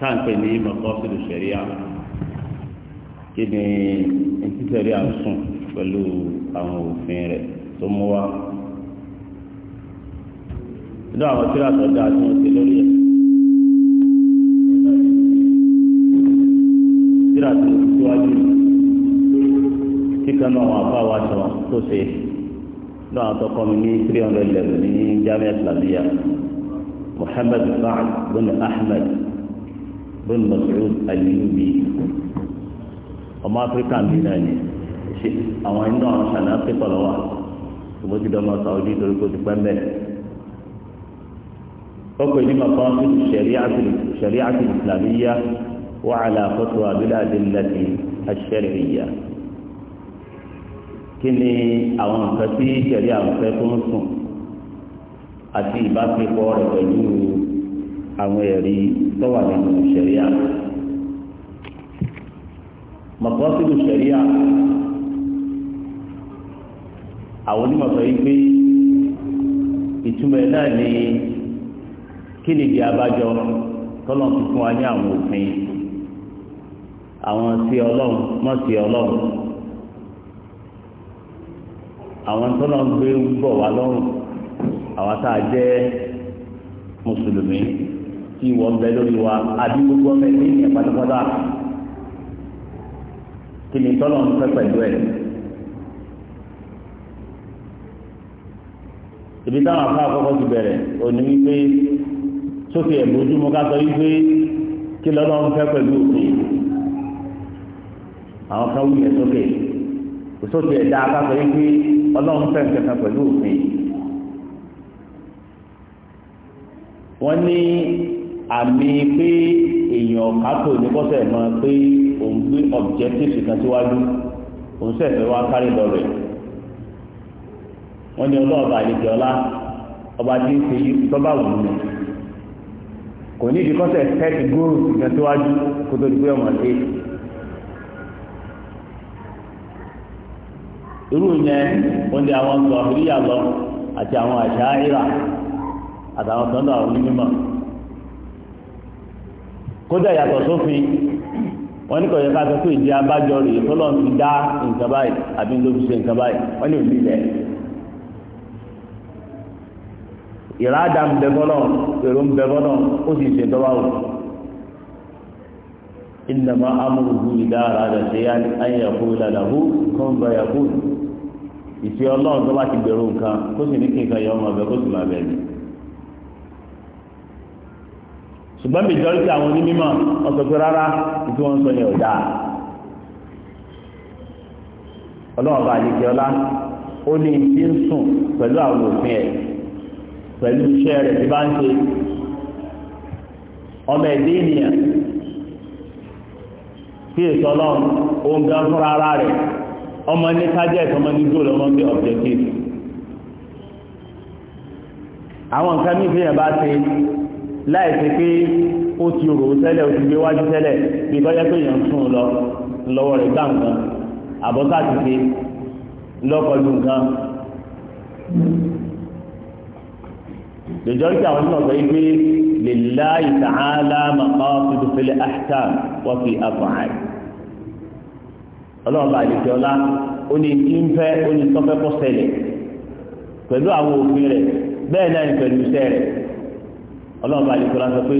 táǹpẹ̀ ní mọ̀kọ́sílù sẹ̀ríà kí ni etí sẹ̀ríà sùn pẹ̀lú àwọn òfin rẹ̀ tó mú wá. inú àwọn tíra tó dáa tí wọ́n ti lórí ẹ̀. tíra tó síwájú kíkan náà wọn àbá wa sọ tó ṣe náà àtọkọ mi ní three hundred eleven ní jamiu islamiyah muhammed saad bin ahmed bin Mas'ud al-Yubi ọmọ áfíríkà bíi náà ni ṣe àwọn inú àwọn ṣàlẹ̀ áfíríkà lọ́wọ́ ṣùgbọ́n ti dọ́mọ Saudi torí kò ti pẹ́ mbẹ́ kọ́kọ́ ní màkà wọn fún ṣẹ̀rí àti ìsìlámíyà wà àlà àkọ́tọ̀ àbílẹ̀ àdínlẹ̀tì àṣẹ̀ríyà kí ni àwọn nǹkan tí ṣẹ̀rí àwọn tó ń sùn àti ìbáṣepọ̀ rẹ̀ pẹ̀lú àwọn ẹ̀rí lọ́wọ́ nínú sẹ̀ríà mọ̀kọ́sílù sẹ̀ríà àwọn onímọ̀ sọ yìí pé ìtumọ̀ ẹ̀ náà ni kí ni ìdí abájọ tọ́lọ̀ ti fún wa ní àwọn òfin àwọn sí ọlọ́run mọ́ sí ọlọ́run àwọn tọ́lọ̀ ń gbé ń bọ̀ wá lọ́rùn àwọn tá a jẹ́ mùsùlùmí tí wọ́n bẹ lórí wa àbí gbogbo ọmọ ẹ̀mí ìyẹn pátápátá kí ni tọ́lọ̀ ń fẹ́ pẹ̀lú ẹ̀. ibi táwọn afá àkọ́kọ́ ti bẹ̀rẹ̀ òní wípé sókè ẹ̀bójúmọ́ ká sọ wípé kí lọ́lọ́ ń fẹ́ pẹ̀lú òfin àwọn kan wúyẹ̀ sókè òsókè ẹ̀dá ká sọ wípé ọlọ́run fẹ́ kẹta pẹ̀lú òfin wọ́n ní. àmì pé èèyàn kápò ní kọ́sẹ̀ pé òun gbé objectives kan síwájú òun sẹ̀fẹ̀ wá kárí lọ rẹ̀ wọ́n ní ọlọ́ọ̀bà àlejò ọba tí ń sọba tọ́ba wù mí kò ní ìdí kọ́sẹ̀ góòlù kan síwájú kó tó di pé ọmọ ṣe irú yẹn wọ́n di àwọn sọ̀rọ̀ lọ àti àwọn àṣà kódà yàtọ̀ sófin wọ́n ní kò yẹ ká sọ pé ìdí abájọ rèé tó lọ́n ti dá nǹkan báyìí àbí ló fi ṣe nǹkan báyìí wọ́n ní òbí lẹ̀. ìràdà ń bẹ bọ́lọ̀ èrò ń bẹ bọ́lọ̀ ó sì ṣe dọ́wà wò. ìnàmọ́ amúrùhù ìdá ara rẹ̀ ṣe yá ní ayé ẹ̀kọ́ ìlànàhù kan bá yàgò ìfẹ́ ọlọ́run tó bá ti gbèrò nǹkan kó sì ní kí nǹkan yọ ọmọ bẹ kó sì máa bẹ̀rẹ̀ ṣùgbọ́n majority àwọn onímọ̀ ọ̀sọ̀ pé rárá tí wọ́n ń sọ yẹn ò dáa ọlọ́run bá àlejò ọlá ó ní ti ń sùn pẹ̀lú àwọn òfin ẹ̀ pẹ̀lú iṣẹ́ rẹ̀ tí bá ń ṣe ọmọ ẹ̀dẹ́ ènìyàn kí èso ọlọ́run òun gan fúnra ara rẹ̀ ọmọ ní target ọmọ ní goal ọmọ ní objective àwọn nǹkan mìíràn bá ṣe láì ṣe pé ó ti rò ó tẹ́lẹ̀ ó ti gbé wájú tẹ́lẹ̀ bí tọ́jọ́ pé èèyàn ń sùn lọ lọ́wọ́ rẹ̀ gbà nǹkan àbọ́sà ti ṣe lọ́kọ̀ọ́lù nǹkan lèjọ́ tí àwọn náà sọ yìí pé lillahi ta'ala maqasidu fil ahkam wa fi af'al ọlọ́run bá àlejò ọlá ó ní tí ń fẹ́ ó ní tọ́fẹ́ kọ́ pẹ̀lú àwọn òfin rẹ̀ bẹ́ẹ̀ náà ní pẹ̀lú iṣẹ́ rẹ̀ ọlọ́ọ̀bá àdìgbò láti sọ pé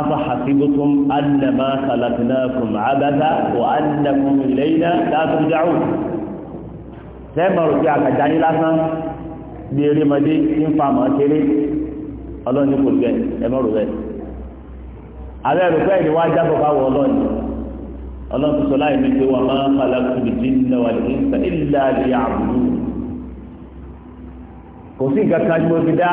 afa hasibutum annama khalaqnakum abada wa annakum ilayna la turja'un sẹ́ẹ̀mọ̀ rò pé àkàjá yín lásán bí erémọdé tí ń fa àmọ́ kéré ọlọ́ọ̀ni kò bẹ́ẹ̀ ẹ̀mọ́ rò bẹ́ẹ̀ àbẹ́ rò pé ìdíwọ́ ajá kọ̀ bá wọ ọlọ́ọ̀ni ọlọ́ọ̀ni kò sí nǹkan fi dá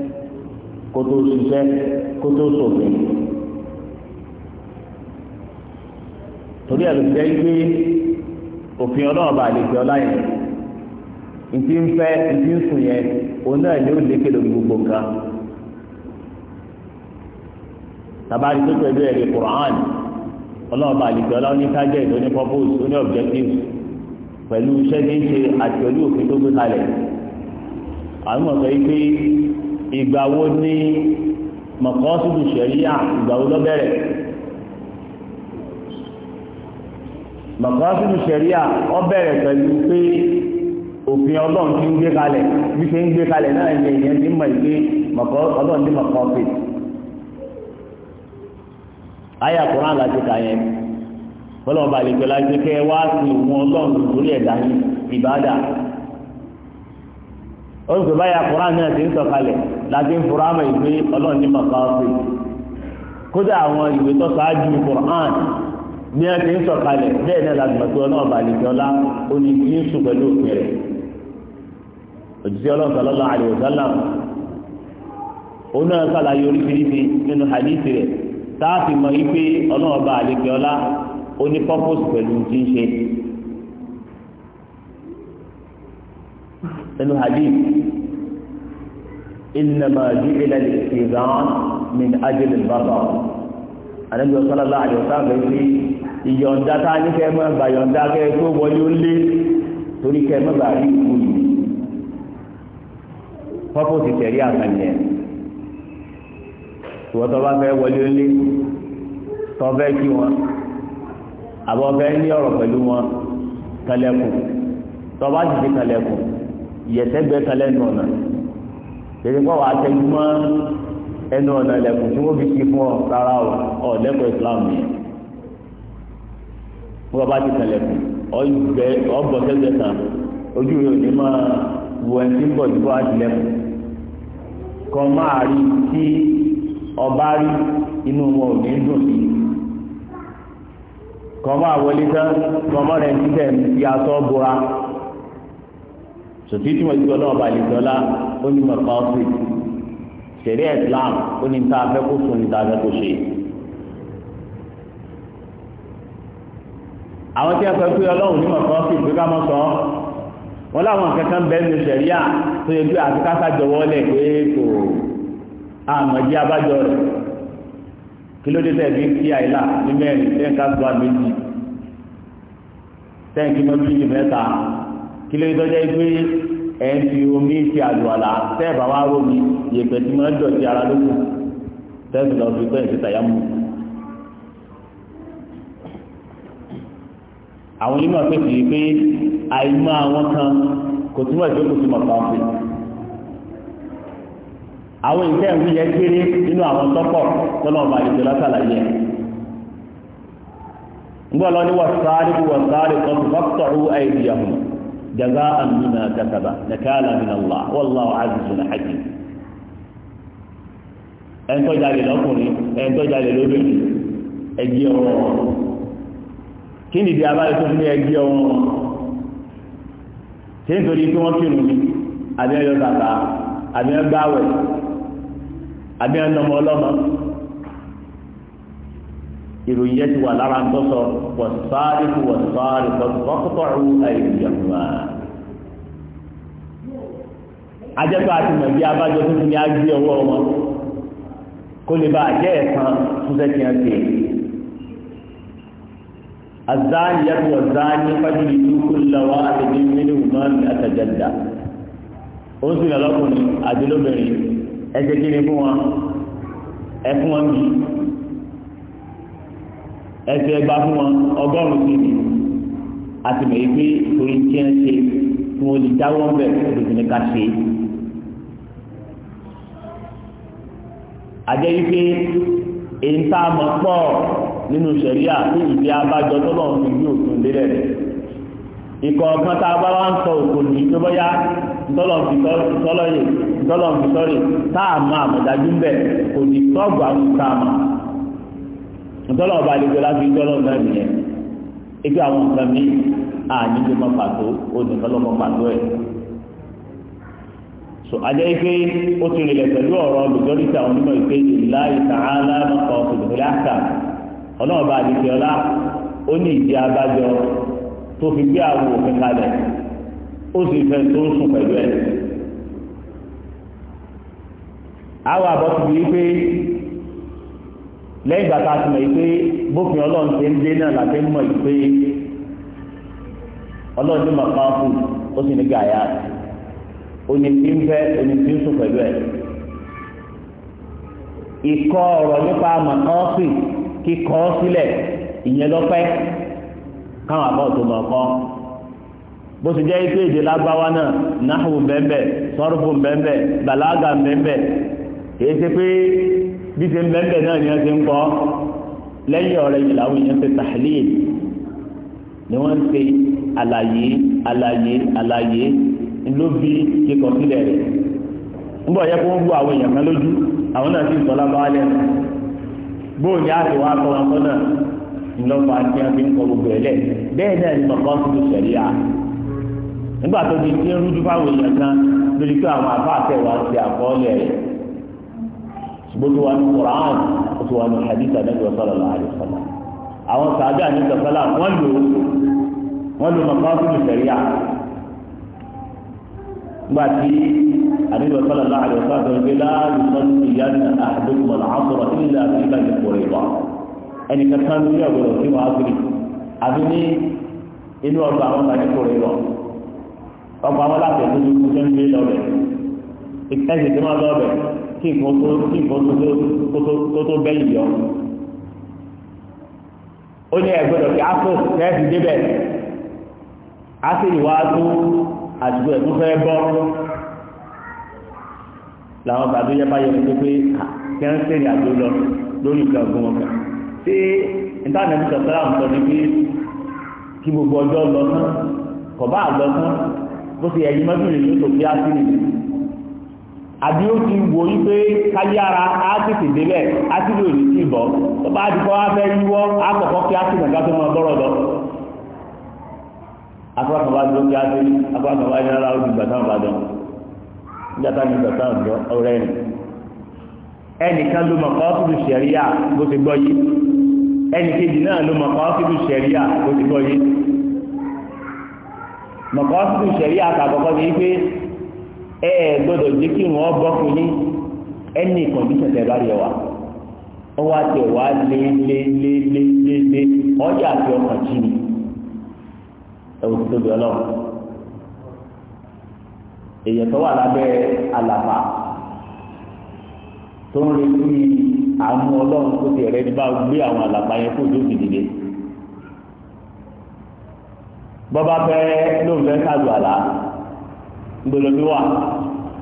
kó tó ṣiṣẹ́ kó tó ṣòfin. torí ẹ̀ ló jẹ́ pé òfin ọlọ́run bá lè gbé ọlá yẹn ìdí ń fẹ́ ìdí ń sùn yẹn òun náà ni ó lékè lórí gbogbo nǹkan. tabali tó pẹ̀lú ẹ̀rí Qur'an ọlọ́run lè gbé ọlá ní target ó purpose ó objective pẹ̀lú iṣẹ́ tí ń ṣe àti pẹ̀lú òfin tó gbé kalẹ̀ àwọn ọ̀sẹ̀ yìí pé ìgbà wo ni mọ̀kọ́sùdù ṣẹ̀ríyà ìgbà wo ló bẹ̀rẹ̀ mọ̀kọ́sùdù ṣẹ̀ríyà ó bẹ̀rẹ̀ pẹ̀lú pé òfin ọlọ́run ti ń gbé kalẹ̀ bí ṣe ń gbé kalẹ̀ náà ní èèyàn ti mọ̀ ìgbé ọlọ́run ti mọ̀kọ́ pè àyà Kùránì láti kà yẹn bọ́lá ọba àlejò láti kẹ́ wá sí òun ọlọ́run lórí ẹ̀dá yìí ìbádà ó ń pè báyà Kùránì náà ti ń sọ̀kalẹ̀ láti ń fura mọ̀ ìwé ọlọ́run ní mọ̀káwọ́sì kódà àwọn ìwé tó ṣáájú Kùránì bí wọ́n ti ń sọ̀kalẹ̀ bẹ́ẹ̀ náà láti mọ̀ pé ọlọ́run bá lè jọlá ó ní kí ń sùn pẹ̀lú òfin rẹ̀ òjíṣẹ́ ọlọ́run sallallahu alaihi wasallam òun náà sàlàyé oríṣiríṣi nínú hadith rẹ̀ táàfin mọ̀ wípé ọlọ́run bá lè jọlá ó ní pọ́pọ́sì pẹ̀lú ti ń ṣe nínú hadith innama ju'ila al-istidhan min ajli al-basar anabi sallallahu alaihi wasallam bẹ́ẹ̀ fi ìyọ̀ǹda tá a ní kẹ́ mọ́ bá yọ̀ǹda kẹ́ tó wọlé ó lé torí kẹ́ mọ́ bá rí ikú yìí ti tẹ̀rí àkànyẹ̀ ìwọ́n tó bá fẹ́ wọlé ó lé tó fẹ́ kí wọn àbọ̀ fẹ́ ní ọ̀rọ̀ pẹ̀lú wọn kẹlẹ́kùn tó bá sì ti kẹlẹ́kùn ìyẹ̀sẹ̀gbẹ́ kan lẹ́nu ọ̀nà tètè pọ̀ wà á tẹ́jú mọ́ ẹnu ọ̀nà lẹ́kùn tí wọ́n fi ṣe fún ọ rárá o ọ̀ lẹ́kọ̀ọ́ Islam yẹn fún bàbá ti tẹ̀lẹ̀ kù ọ̀gbẹ́ ọ̀gbọ̀sẹ̀gbẹ́ kan ojú rẹ̀ ò ní máa wo ẹni tí ń bọ̀ dúró àtìlẹ́kùn kan máa rí tí ọba rí inú wọn ò ní dùn sí kan máa wọlé tán kan máa rẹ̀ ń tẹ̀ fi aṣọ bora sòtí tí wọn ti gbọ́dọ̀ ọba àlejòọlá ó ní mọ̀pá ọ̀sìn sẹ̀rí islam ó ní ta afẹ́ kó sùn ní ta afẹ́ kó ṣe. àwọn tí a fẹ́ pé ọlọ́run ní mọ̀pá ọ̀sìn pé ká mọ̀ sọ wọn láwọn kankan bẹ́ẹ̀ ní sẹ̀ríà tó yẹ pé àti jọwọ́ lẹ̀ pé kò àmọ̀jí abájọ rẹ̀ kí ló dé tẹ̀lé kí àìlà ní mẹ́rin tẹ́ǹkà gbọ́ àmì jì tẹ́ǹkì mọ́bílì mẹ́ta kí ló dọ́jà pé ẹ̀ ń fi omi ti àlùwàlà tẹ́ẹ̀bà wá rómi yèpẹ̀ tí máa ń dọ̀tí ara lókun tẹ́ẹ̀sì lọ fi pẹ́ǹsì tàyámù. àwọn onímọ̀ pèsè pé àìmọ̀ àwọn kan kò túmọ̀ ìjọ kò túmọ̀ kan pè àwọn ìfẹ́ ìwé yẹn kéré nínú àwọn tọ́pọ̀ tọ́nà ọba àdìsọ lásàlàyé ẹ̀ ń gbọ́ lọ ní wàsáàrí wàsáàrí kan tó bá tọ̀rọ̀ àìdíyàwó جزاء مما كسب نكالا من الله والله عزيز حكيم ẹni tó jalè lọ́kùnrin ẹni tó jalè lóbìnrin ẹgbẹ́ ọ̀rọ̀ kí ni ìdí abáyé tó ní ẹgbẹ́ ọ̀rọ̀ tí ń torí kí wọ́n kírun ní àbí ẹyọ tàbá àbí ẹgbẹ́ àwẹ̀ àbí ẹnọmọ ọlọ́mọ ìròyìn yẹn ti wà lára ń tọ́sọ wọ̀sáárì kù wọ̀sáárì kọ́kọ́tọ̀rù àìríyànwá. ajẹ́pẹ́ àti mọ̀bí abájọ tó ti ní agbé ọwọ́ wọn kó lè bá àjẹ́ ẹ̀sán fún sẹ́kì hàn sí. azani yàtọ̀ wọ̀sáárì fájìlì dúkú lọ́wọ́ àtẹ̀dé nínú ìmọ̀ọ́nì àtẹ̀jẹ̀dà ó sì lọ́kùnrin àdélóbìnrin ẹ̀jẹ̀ kí ni fún wọn ẹ̀fún wọn bíi ẹsẹ̀ ẹgbà fún wọn ọgọ́rùn-ún sí ni àti mọ̀ pé torí tí ẹ a mọ̀ pọ̀ nínú sẹ̀ríà tí ìdí abájọ tó lọ́wọ́ fi ní òfin lélẹ̀ ikọ̀ ọ̀kan tá a bá wá ń sọ tó bọ́yá sọ́rì ntọ́lọ̀ ọba àlejò láti ìjọlọ́ náà àwọn nǹkan mi àníjò mọ pàtó onìkọ́lọ́ mọ pàtó ẹ̀ so ajẹ́ ike ó ti rìnlẹ̀ pẹ̀lú ọ̀rọ̀ lùdọ́rìtì àwọn onímọ̀ ìpè àkà ọlọ́ọ̀ba ọlá ó ní ìdí abájọ tó fi gbé àwọn òfin kalẹ̀ ó sì fẹ́ tó ń sùn pẹ̀lú ẹ̀ àwọn àbọ̀ lẹ́yìn gbata tá a ti mọ̀ yìí bófin ọlọ́run ṣe ń dé náà làbẹ́ mọ̀ yìí ọlọ́run ní màkà fún ó sì ní gàyà oní tí ń fẹ́ oní tí ń sùn pẹ̀lú ẹ̀. ìkọ ọ̀rọ̀ nípa sílẹ̀ ìyẹn lọ́pẹ́ káwọn àbọ̀ tó mọ̀ kọ́ bó ti jẹ́ èdè lágbáwá náà bẹ́ẹ̀ bẹ́ẹ̀ bẹ́ẹ̀ bí ṣe ń bẹ́ẹ̀ náà ni wọ́n ti ń kọ́ lẹ́yìn ọ̀rẹ́ yìí làwọn èèyàn tahlil ni wọ́n ń alaye àlàyé àlàyé àlàyé kíkọ sílẹ̀ rẹ̀ nígbà yẹ kó ń bu àwọn èèyàn kan lójú àwọn náà sọ lábá àti wọn akọ wọn fi ń kọ gbogbo náà ni à nígbà tó di ṣùgbọ́n tó wà ní Qur'an ó tó wà ní hadith anabi sallallahu alaihi wasallam àwọn sàájà ní sọ̀sọ́là wọ́n lò wọ́n lò mọ̀kànsí ní sẹ̀ríà nígbà tí anabi sallallahu alaihi wasallam tó ń gbé láàyè sọ́nù ìyáni àdókòmọ̀ làásọ̀rọ̀ ilẹ̀ àti ìgbà ìkórè wa ẹnì kankan ní ọ̀gbọ̀n tí wọ́n á àbí ní inú ọgbà àwọn ìgbà ìkórè wa ọgbà àwọn láti ẹ̀kọ́ ìtẹ́sì tí wọ́n lọ́ọ̀bẹ̀ kí nǹkan tó tó bẹ́yìn yọ. ó ní ẹ̀gbọ́dọ̀ kí afro tẹ́sì débẹ̀ á sì wá tó àsìkò ẹ̀kú fẹ́ bọ́ làwọn tàbí yẹ bá yẹ kó pé kí wọ́n sẹ́yìn àjò lọ lórí ìgbà ọ̀gbọ́n wọn kan tí ìtànẹ́bí sọ̀tọ́lá ń sọ ní pé kí gbogbo ọjọ́ lọ tán kọ̀ bá lọ tán bó ti ẹ̀yìn mọ́tò lè lóṣòfin á sí nìyí àbí ó ti wò yí pé káyára á tètè délẹ̀ á sì lè rí sí ìbọ̀ tó bá dìbò wá fẹ́ yíwọ́ á kọ̀kọ́ kí á sì nàgá tó mọ bọ́rọ̀ lọ. afúrákan bá dúró kí á sí afúrákan bá ó di dán ẹnìkan ló kọ́ bó ti gbọ́ yìí ẹnìkejì náà ló kọ́ bó ti gbọ́ yìí ẹ gbọ́dọ̀ jẹ́ kí wọ́n bọ́kùn ní ẹni kọ̀ǹdíṣẹ̀ tẹ̀ bá rí ọwà ọwọ́ àti ọwà lélélélélé ọjà àti ọkàn jí ni ẹ̀wọ̀n tó tóbi ọlọ́run èèyàn tó wà lábẹ́ àlàfà tó ń retí àánú ọlọ́run tó ti rẹ̀ ní bá gbé àwọn àlàfà yẹn kó dókè dìde bọ́bá fẹ́ lóun fẹ́ sáàdù àlàá gbólómi wà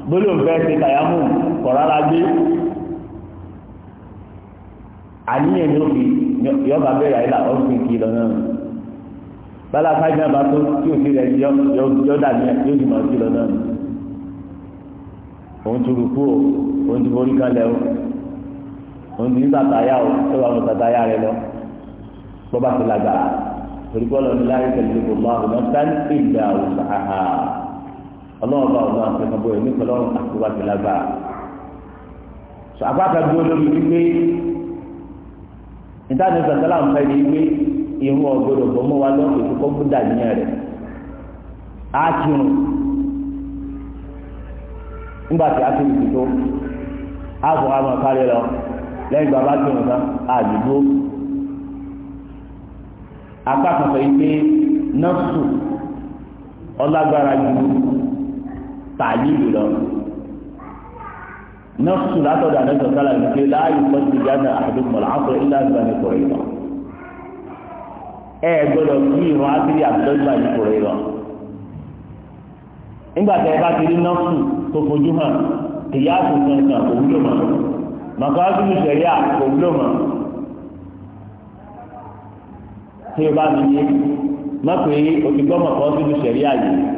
gbólómi fẹ́ ṣe tàyámù kọ̀rọ̀lá gbé àníyàn ní òfin yọba bẹ̀rẹ̀ àyílà ọ̀sìn kì í lọ náà bala kájà bá tó tí òfin rẹ̀ yọ dàbí yóò di màá sí lọ náà òun ti rúkú o òun ti borí kan lẹ o òun ti ní tàtàyà o tó wà mọ tàtàyà rẹ lọ bọ́ bá ti lágbára torí bọ́ọ̀lù ọ̀nà láyé tẹ̀lé gbogbo àwọn ọ̀nà sáńtì ìgbà òṣàhà. ọlọ́run bá ọlọ́run àti ọmọ ẹ̀mí kọlọ́run àti wájú lágbára sọ abáka dúró lórí wípé ìtàní sàtàlà ń fẹ́ di wípé irun ọ̀gbọ́dọ̀ bọ́ mọ́ wa nígbà tí a tóbi tó á bọ̀ àwọn kárí lọ lẹ́yìn ìgbà bá tán apá kan sọ nọ́ọ̀sù ọlágbára tààlìlù lọ nọ́ọ̀sù látọ̀dọ̀ àdẹ́sọ̀ sálà ní pé láàyè pọ́sì jáde àdúgbò láàpọ̀ ilé àgbà ní kòrè lọ ẹ gbọ́dọ̀ kí ìrún ásírí àtọ́gbà ní kòrè lọ nígbà tẹ bá ti rí nọ́ọ̀sù tó fojú hàn ìyá àtúntàn kan kò wúlò mọ́ màkà ásírí sẹ̀ríà kò wúlò mọ́ tí o bá mi yé má pé o ti gbọ́ màkà ásírí sẹ̀ríà yìí.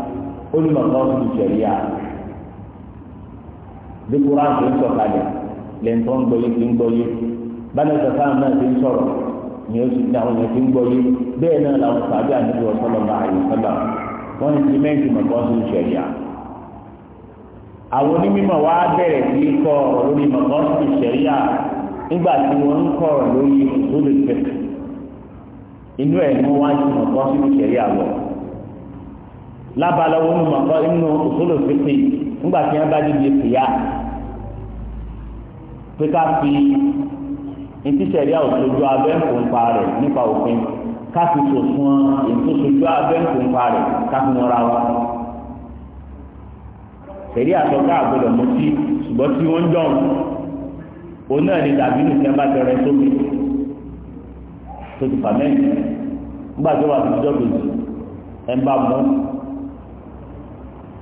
onu ti sẹ̀ríà a kuran ti ń sọ̀kalẹ̀ lẹ́ńtọ́ ń gbọ́yé ti ń gbọ́yé náà ti ń sọ̀rọ̀ ni ó ti dáhùn yẹn ti ń gbọ́yé bẹ́ẹ̀ náà làwọn sàbí àdúgbò ọ̀sọ́lọ̀ bá àyè sọ́lọ̀ wọ́n ti mọ̀kọ́ ti àwọn onímọ̀ wa bẹ̀rẹ̀ sí kọ́ ọ̀rọ̀ lórí mọ̀kọ́ ti lábala wọn mú màkọ inú òṣòlò pípé ńgbà tí wọn bá dìde pìyà pé ká fi etí sẹ̀rí àwòsojú abẹ́ǹkò ń pa nipa nípa òfin ká fi sòfin ètòsojú abẹ́ǹkò ń pa rẹ̀ ká fi wọn ra wọn. sẹ̀rí àtọ́ká àgbọ̀dọ̀ mú sí ṣùgbọ́n tí wọ́n ń dọ̀n òun náà ni dàbí nìkan bá tẹrẹ sómi tó ti fà mẹ́rin nígbà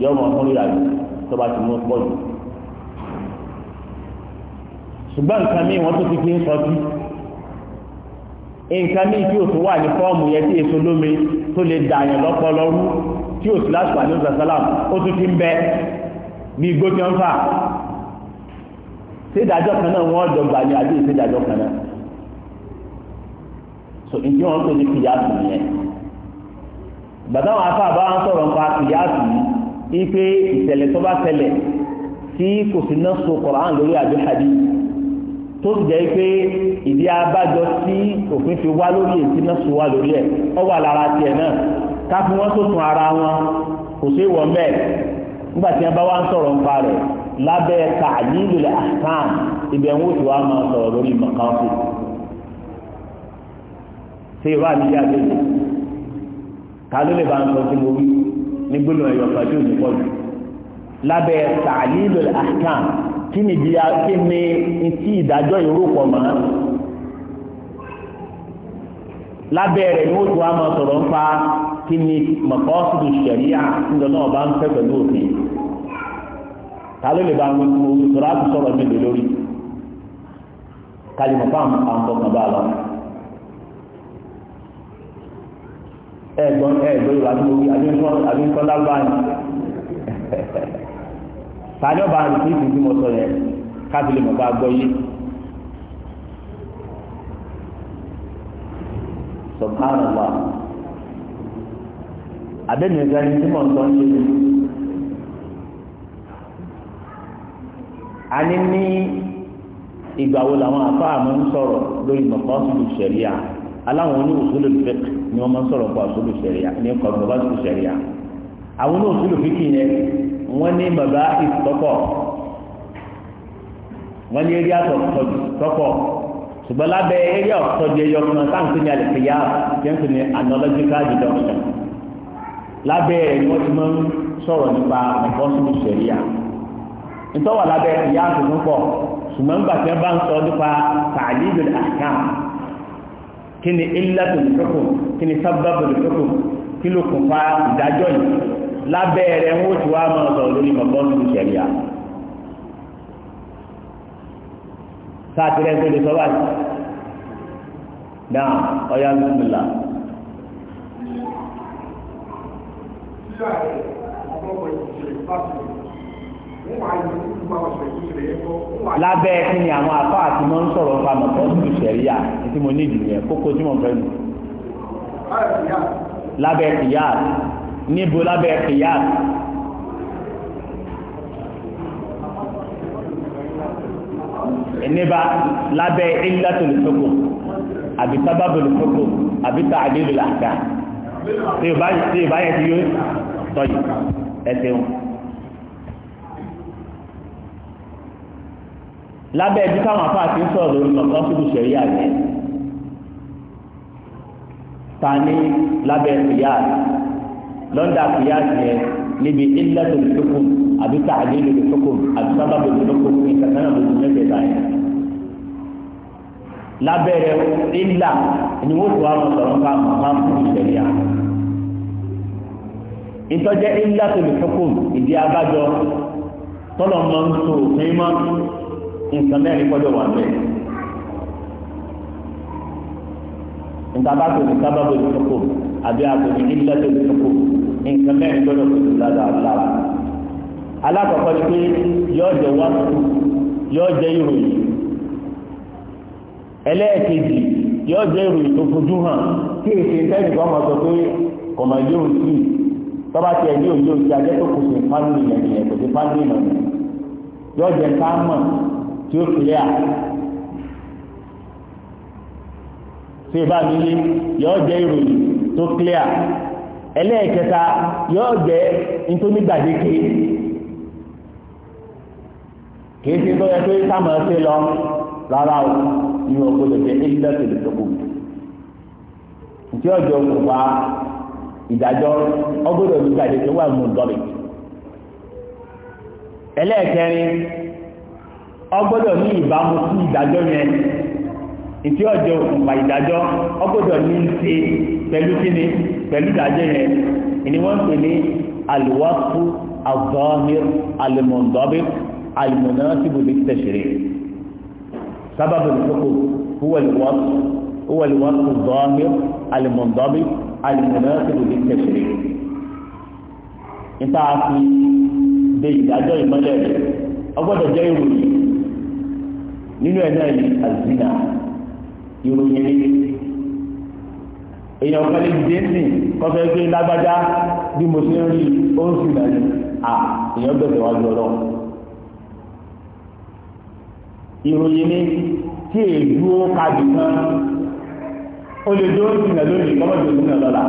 yọ ọmọ ọkùnrin yàrá tó bá ti mú pọ̀ jù ṣùgbọ́n nǹkan míì wọ́n tó ti fi ń sọtí nǹkan míì tí òtún wà ní fọ́ọ̀mù yẹn tí èso lómi tó lè dààyàn lọ́pọ̀lọ́rú tí òtún láti pàdé ọ̀sán ó tún ti ń bẹ bí igbó tí wọ́n fà ṣèdájọ́ kan náà wọ́n dọ̀gba ní àdéhùn ṣèdájọ́ kan náà so ìdí wọn tó ní kìyàtù yẹn gbàtà wọn afáàbá wọn sọ̀rọ̀ nípa kìyàtù yìí ipe ìṣẹ̀lẹ̀ tó bá ṣẹlẹ̀ tí kò sí náà so Kùránì lórí àbí hadith tó ń jẹ́ pé ìdí abájọ tí òfin fi wá lórí èsì náà so wá lórí ẹ̀ ọ wà lára tiẹ̀ náà káfí wọ́n tó sun ara wọn kò sí wọ́n mẹ́ẹ̀ nígbà tí wọ́n bá wá ń sọ̀rọ̀ nípa rẹ̀ lábẹ́ ta'dilul ahkam ibẹ̀ ń wò tí wàá máa sọ̀rọ̀ lórí mọ̀kánsì ṣé ìwà àbíyá lè ta ló lè bá ń sọ sí mo wí ní gbólóhùn ẹ̀yọ̀ kan tí ò ní pọ̀ jù lábẹ́ tàlílò àkàn kí ni ìdíyà kí ni ti ìdájọ́ ìrúkọ̀ mọ́ lábẹ́ rẹ̀ ni ó tún á máa sọ̀rọ̀ ń pa kí ni mọ̀kọ́sùdù ṣẹ̀ríà nígbà náà bá ń fẹ́ pẹ̀lú òfin ta bá mi kú sọ̀rọ̀ àti sọ̀rọ̀ mi lè lórí kálí mọ̀ fáwọn àǹfọ̀kàn bá a lọ. ẹ̀gbọ́n ẹ̀gbọ́n yorùbá tó wí àbíńkọ́ lágbàáyé tàbí ọba àrùkú ìsìn tí mo sọ yẹn kábílì mọ̀ bá gbọ́ yé subhanallah àbẹ́mi ẹ̀gbẹ́ tí mo sọ ń ṣe ni a ní ní ìgbà wo làwọn afáàmù ń sọ̀rọ̀ lórí mọ̀kọ́sùlù ṣẹ̀ríà aláwọn oníwòsàn lè ni wọ́n máa sọ̀rọ̀ pa òṣèlú sẹ̀ríà ní ọkọ̀ bàbá òṣèlú sẹ̀ríà àwọn olóòṣèlú fíkì yẹn wọ́n ní bàbá ìtọ́pọ̀ wọ́n ní eré àtọ̀tọ̀pọ̀ ṣùgbọ́n lábẹ́ eré ọ̀tọ̀jẹ yọ kan sáǹtì ní àlẹ́fẹ̀yà jẹ́ǹtì ní analogical deduction lábẹ́ ẹ̀ ni wọ́n ti máa ń sọ̀rọ̀ nípa ẹ̀kọ́ òṣèlú sẹ̀ríà ìtọ́wà lábẹ́ ìyá àtọ̀tọ̀ pọ̀ ṣùgbọ́n gbàtẹ́ bá ń sọ nípa tàlíbìlì àkàmù kí ni illatul hukm kí ni sababul hukm kí ló kún fa ìdájọ́ yìí lábẹ́ rẹ̀ ń wò tí wàá máa sọ̀rọ̀ lórí mọ̀gbọ́n nínú ṣẹ̀ríà sáàtìrẹ́ tó lè sọ báyìí dáhùn ọ̀yá bismillah. Thank you lábẹ́ kí ni àwọn afá àti mọ́ ń sọ̀rọ̀ ọba mọ̀tọ́ lù sẹ̀ríyà tí mo ní ìdìyẹ kókó tí mo fẹ́ nù. lábẹ́ kìyàt níbo lábẹ́ kìyàt. níba lábẹ́ illatul hukum àbí sababul hukum àbí ta'dilul ahkam tí ìbáyẹ̀ tí yóò tọ́jú ẹ̀sẹ̀ wọn. lábẹ́ ibi táwọn afá ti ń sọ̀rọ̀ lórí mọ̀kọ́sílù sẹ̀rí àgbẹ̀ ta ní lábẹ́ ìyá lọ́ndà ìyá tiẹ̀ níbi ilẹ̀tò lùsókòm àbí tààdélu lùsókòm àbí sábàbò lùsókòm ní kàkànnà lòdì mẹ́tẹ̀ẹ̀ta yẹn. lábẹ́ rẹ̀ ilà ni wọ́n tó àwọn sọ̀rọ̀ ká mọ̀kọ́sílù sẹ̀rí à. ìtọ́jẹ́ ilẹ̀tò lùsókòm ìdí abájọ tọ́lọ̀ mọ́ ń tó òfin mọ́ nǹkan mẹ́rin gbọ́dọ̀ wà bẹ́ẹ̀. nǹkan bá tòbi sábàbò ìsopò àbí àtòbi nílẹ̀ tó ìsopò nǹkan mẹ́rin gbọ́dọ̀ tòbi lára. alákọ̀ọ́kọ́ ni pé yóò jẹ wá yóò jẹ ìròyìn ẹlẹ́ẹ̀kejì yóò jẹ ìròyìn tó fojú hàn kí èsì ìtẹ́nì kan máa sọ pé kọ̀mọ̀ ilé òsì tọ́ba tiẹ̀ ní òye òsì ajẹ́ tó kù sí fámìlì yẹn nìyẹn kò sí fámìlì yẹn yóò jẹ ká mọ̀ tí ó fi lẹ́à tí bá mi ní yọ́ jẹ́ ìròyìn tó clear ẹlẹ́ẹ̀kẹta yọ́ jẹ́ ntónígbàdéke kìí ṣe tó yẹ pé sáàmù lọ rárá o ní ọkọ lè jẹ ẹgbẹ́ tó lè tí ọjọ́ kò bá ìdájọ́ ọgbọ́dọ̀ nígbàdéke wà mú dọ́lẹ̀ ẹlẹ́ẹ̀kẹrin ọgbọ́dọ̀ ní ìbámu sí ìdájọ́ yẹn ìtí ọjọ́ òkùnfà ìdájọ́ ọgbọ́dọ̀ ní ṣe pẹ̀lú kíni pẹ̀lú ìdájọ́ yẹn ìní wọ́n pè ní alùwàfù azọ́hìr alùmọ̀ndọ́bí alùmọ̀nàtìbù bí tẹ̀sírì sábàbù ìfọ́kù huwàlùwàfù azọ́hìr alùmọ̀ndọ́bí alùmọ̀nàtìbù bí tẹ̀sírì nípa fi de ìdájọ́ ìmọ́lẹ̀ ọgbọ́dọ̀ jẹ́ ìròyìn nínú ẹ̀ náà ni azina ìròyìn èèyàn kan lè dé sí kọfẹ́ pé lágbájá bí mo ṣe ń rí ó ń sùn lẹ́yìn à èèyàn bẹ̀rẹ̀ wájú ọlọ́run ìròyìn ni tí èdú ó kájú kan ó lè dó sùn lẹ́ lónìí kọ́mọ̀ tó sùn lẹ́ lọ́la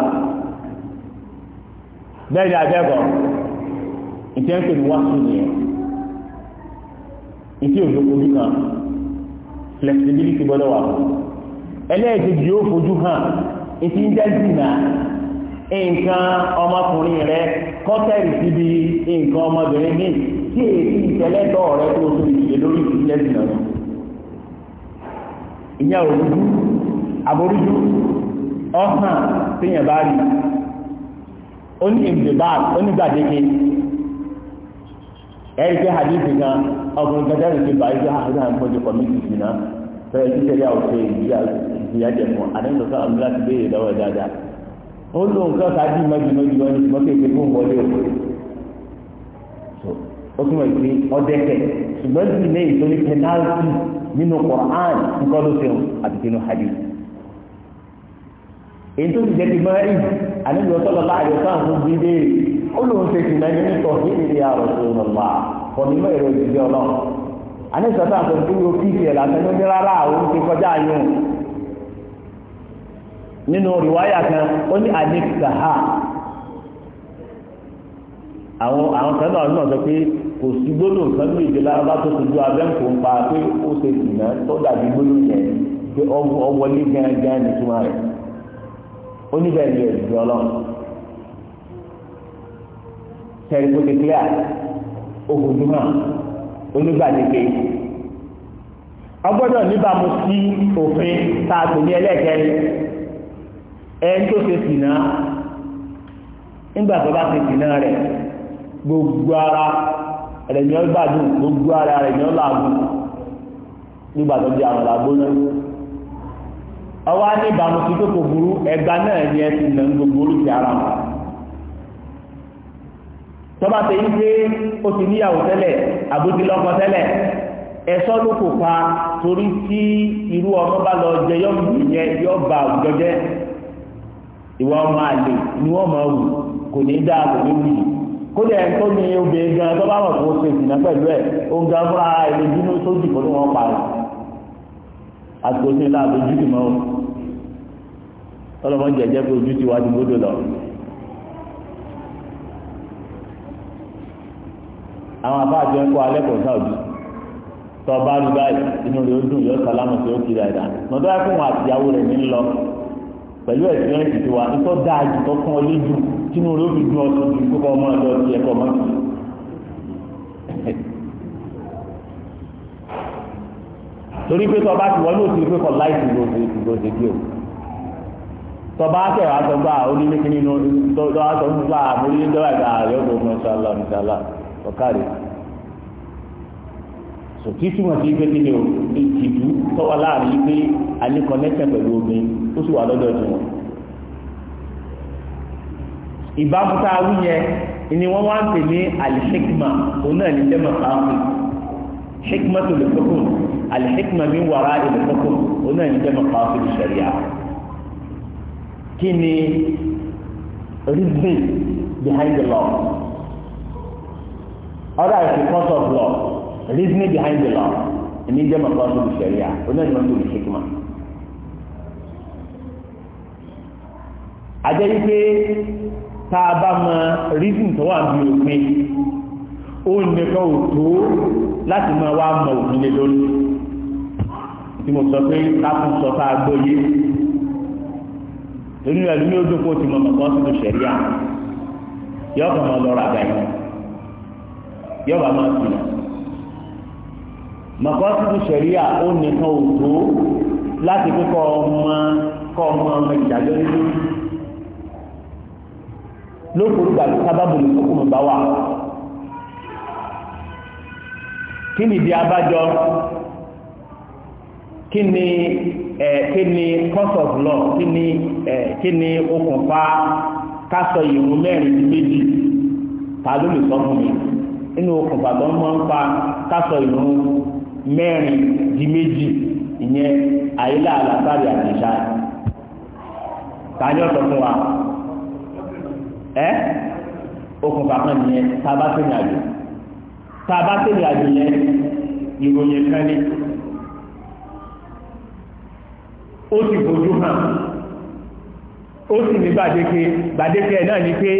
bẹ́ẹ̀ ni abẹ́kọ̀ ìtẹ́ńpẹ̀ ni wọ́n sùn nìyẹn ìtí òjò kojú kan flexibility gbọ́dọ̀ wà fún ẹlẹ́ẹ̀kejì yóò fojú hàn ètí ń jẹ́ zina nǹkan ọmọkùnrin rẹ kọ́tẹ́rì síbi nǹkan ọmọbìnrin ní tí èyí ìtẹ́lẹ́tọ̀ rẹ tó o tó ìṣe lórí ìṣẹ́ zina lọ ìyẹn òrùjú àbóríjú ọ̀hàn téèyàn bá rí ó ìgbèbá ó ní gbàdéke ọkùnrin kan jáde pé báyìí hàn ní àwọn ọmọdé kọmíkì sí náà fẹ́ẹ́ tí tẹ̀lé àwọn ọ̀sẹ̀ ìdí ìyájẹ̀ fún àdéhùn sọ àwọn láti béèrè lọ́wọ́ dáadáa ó lò ń kọ́ka dì mọ́jú mọ́jú wọn ní mọ́kéèké fún wọlé òkú ó túmọ̀ sí ọdẹ́kẹ̀ ṣùgbọ́n sì ní ìtòlí pẹnáltì nínú Qur'an nǹkan ló ṣeun àti tinú hadith èyí tó ti jẹ́ ti máa rí àníbi ọ̀sọ́lọ́lá àdìọ́sán fún bídé ó lòun ṣe sì náà nínú tọ̀hí ìrìn onímọ̀ èrò ìdílé ọlọ́run anísọ̀tà àtọ̀tún yóò fi ìfẹ́ lásán ní rárá òun ti kọjá yóò nínú rìwáyà kan ó ní anexaha àwọn àwọn kan náà náà sọ pé kò sí gbódò kan ní ìdílé arábá tó ti ju abẹ́ǹkó ń pa pé ó ṣe ìná tó dàbí gbódò yẹn pé ọwọlé gángan nìtúmọ̀ rẹ̀ ó ní bẹ́ẹ̀ ni ẹ̀dùn ọlọ́run tẹ̀lé kó ti clear. ògùnjúmọ́ onígbàdéke ọgbọ́dọ̀ níbàámu sí òfin tààtò ní ẹlẹ́ẹ̀kẹ́rin ẹni tó ṣe sìnà nígbà bá ṣe rẹ̀ gbogbo ara rẹ̀ ni gbogbo ara rẹ̀ ni ó àwọn làgbóná sí tó kò burú ẹgbà náà tọ́ba tẹ yí pé ó ti níyàwó tẹ́lẹ̀ àbójúlọ́kọ tẹ́lẹ̀ ẹ̀sọ́ ló kò pa torí tí irú ọmọ bá lọ jẹ yọ yẹ yọ ba àwùjọ jẹ ìwọ ọmọ àlè ni wọn máa wù kò ní dáa kò ní wù kódà ẹ̀ tó ní obìnrin gan tó bá wọ̀ kó ṣe ìsìnà pẹ̀lú ẹ̀ ó ń gan fúnra ẹni bínú tó dìbò tó wọn pa rẹ̀ àti kò sí ní láàbójú ojú ti wá ti àwọn àbá àti ẹ̀kọ́ alẹ́kọ̀ọ́ sáòdì tó bá rí báyìí inú rẹ̀ ó dùn yọ sálámù tí ó kí dáadáa lọ́dọ̀ ẹ̀kọ́ àtìyàwó rẹ̀ ní lọ pẹ̀lú ẹ̀sìrẹ́ǹsì tí wa nítọ́ dáa jù tó fún ọ lójú tínú rẹ̀ ó fi dùn ọtún ju kókó ọmọ ọ̀dọ́ ti ẹ̀kọ́ mọ́ torí pé tọba ti wọlé òsì pé kọ láìsí ìgbòsè kí o tọba akẹ́wàá tọba onílékiní tọba tọba àmúlé dọ́wà ìgbà ààrẹ ọgbọ̀n mọ́ṣálá ọ̀kàrẹ̀ sọ tí túmọ̀ sí pé kíni o ìtìjú tọ́wọ́ láàrin pé a ní connection pẹ̀lú obìnrin ó sì wà lọ́dọ̀ tí wọn. ìbámu tá a wí yẹn ni wọ́n wá ń pè ní alihikma òun náà ní jẹ́mọ̀ káfí hikma tó lè fọ́kùn alihikma mi wàrà ìlú fọ́kùn òun náà ní jẹ́mọ̀ káfí ní sẹ́ríà kí ni reason behind the law order is the cause of law reasoning behind the law ẹni jẹ́ mọ̀kọ́ tó lè ṣẹ̀ríà onídàájọ́ tó lè ṣèkìmọ̀. ajẹ́ wípé tá a bá mọ reason tó wà ní òpin ó nìkan ò tó láti máa wá mọ òfin lé lórí tí mo sọ pé káfún sọ fáa gbóyé nínú ẹ̀lú ní ojú kó ti mọ̀ mọ̀kọ́ tó lè ṣẹ̀ríà yọ̀ọ̀kan mọ̀ lọ́rọ̀ àgbáyé yọba máa ń tìlà mọ̀kọ́sídù sẹ̀ríà ó nìkan ò tó láti pé kọ́ ọmọ kọ́ ọmọ ọmọ ìdájọ́ nínú lókòrò gbàgbé sábàbù nìkókò bá wà kí ni ìdí abájọ kí ni ẹ kí ni cost of law kí ni ẹ kí ni okùnfà kásọ ìrùn mẹ́rin méjì ta lè sọ fún mi inú okùnfà tó ń mọ́ ń pa kásọ̀ ìrun mẹ́rin di méjì ìyẹn àyílà àlàsáàrì àtìṣà tàní ọ̀sọ̀ fún wa ẹ́ okùnfà kan nìyẹn tàbá sẹ́yìn àjò tàbá sẹ́yìn àjò yẹn ìròyìn kan ní ó sì fojú hàn ó sì ní gbàdéke gbàdéke náà ni pé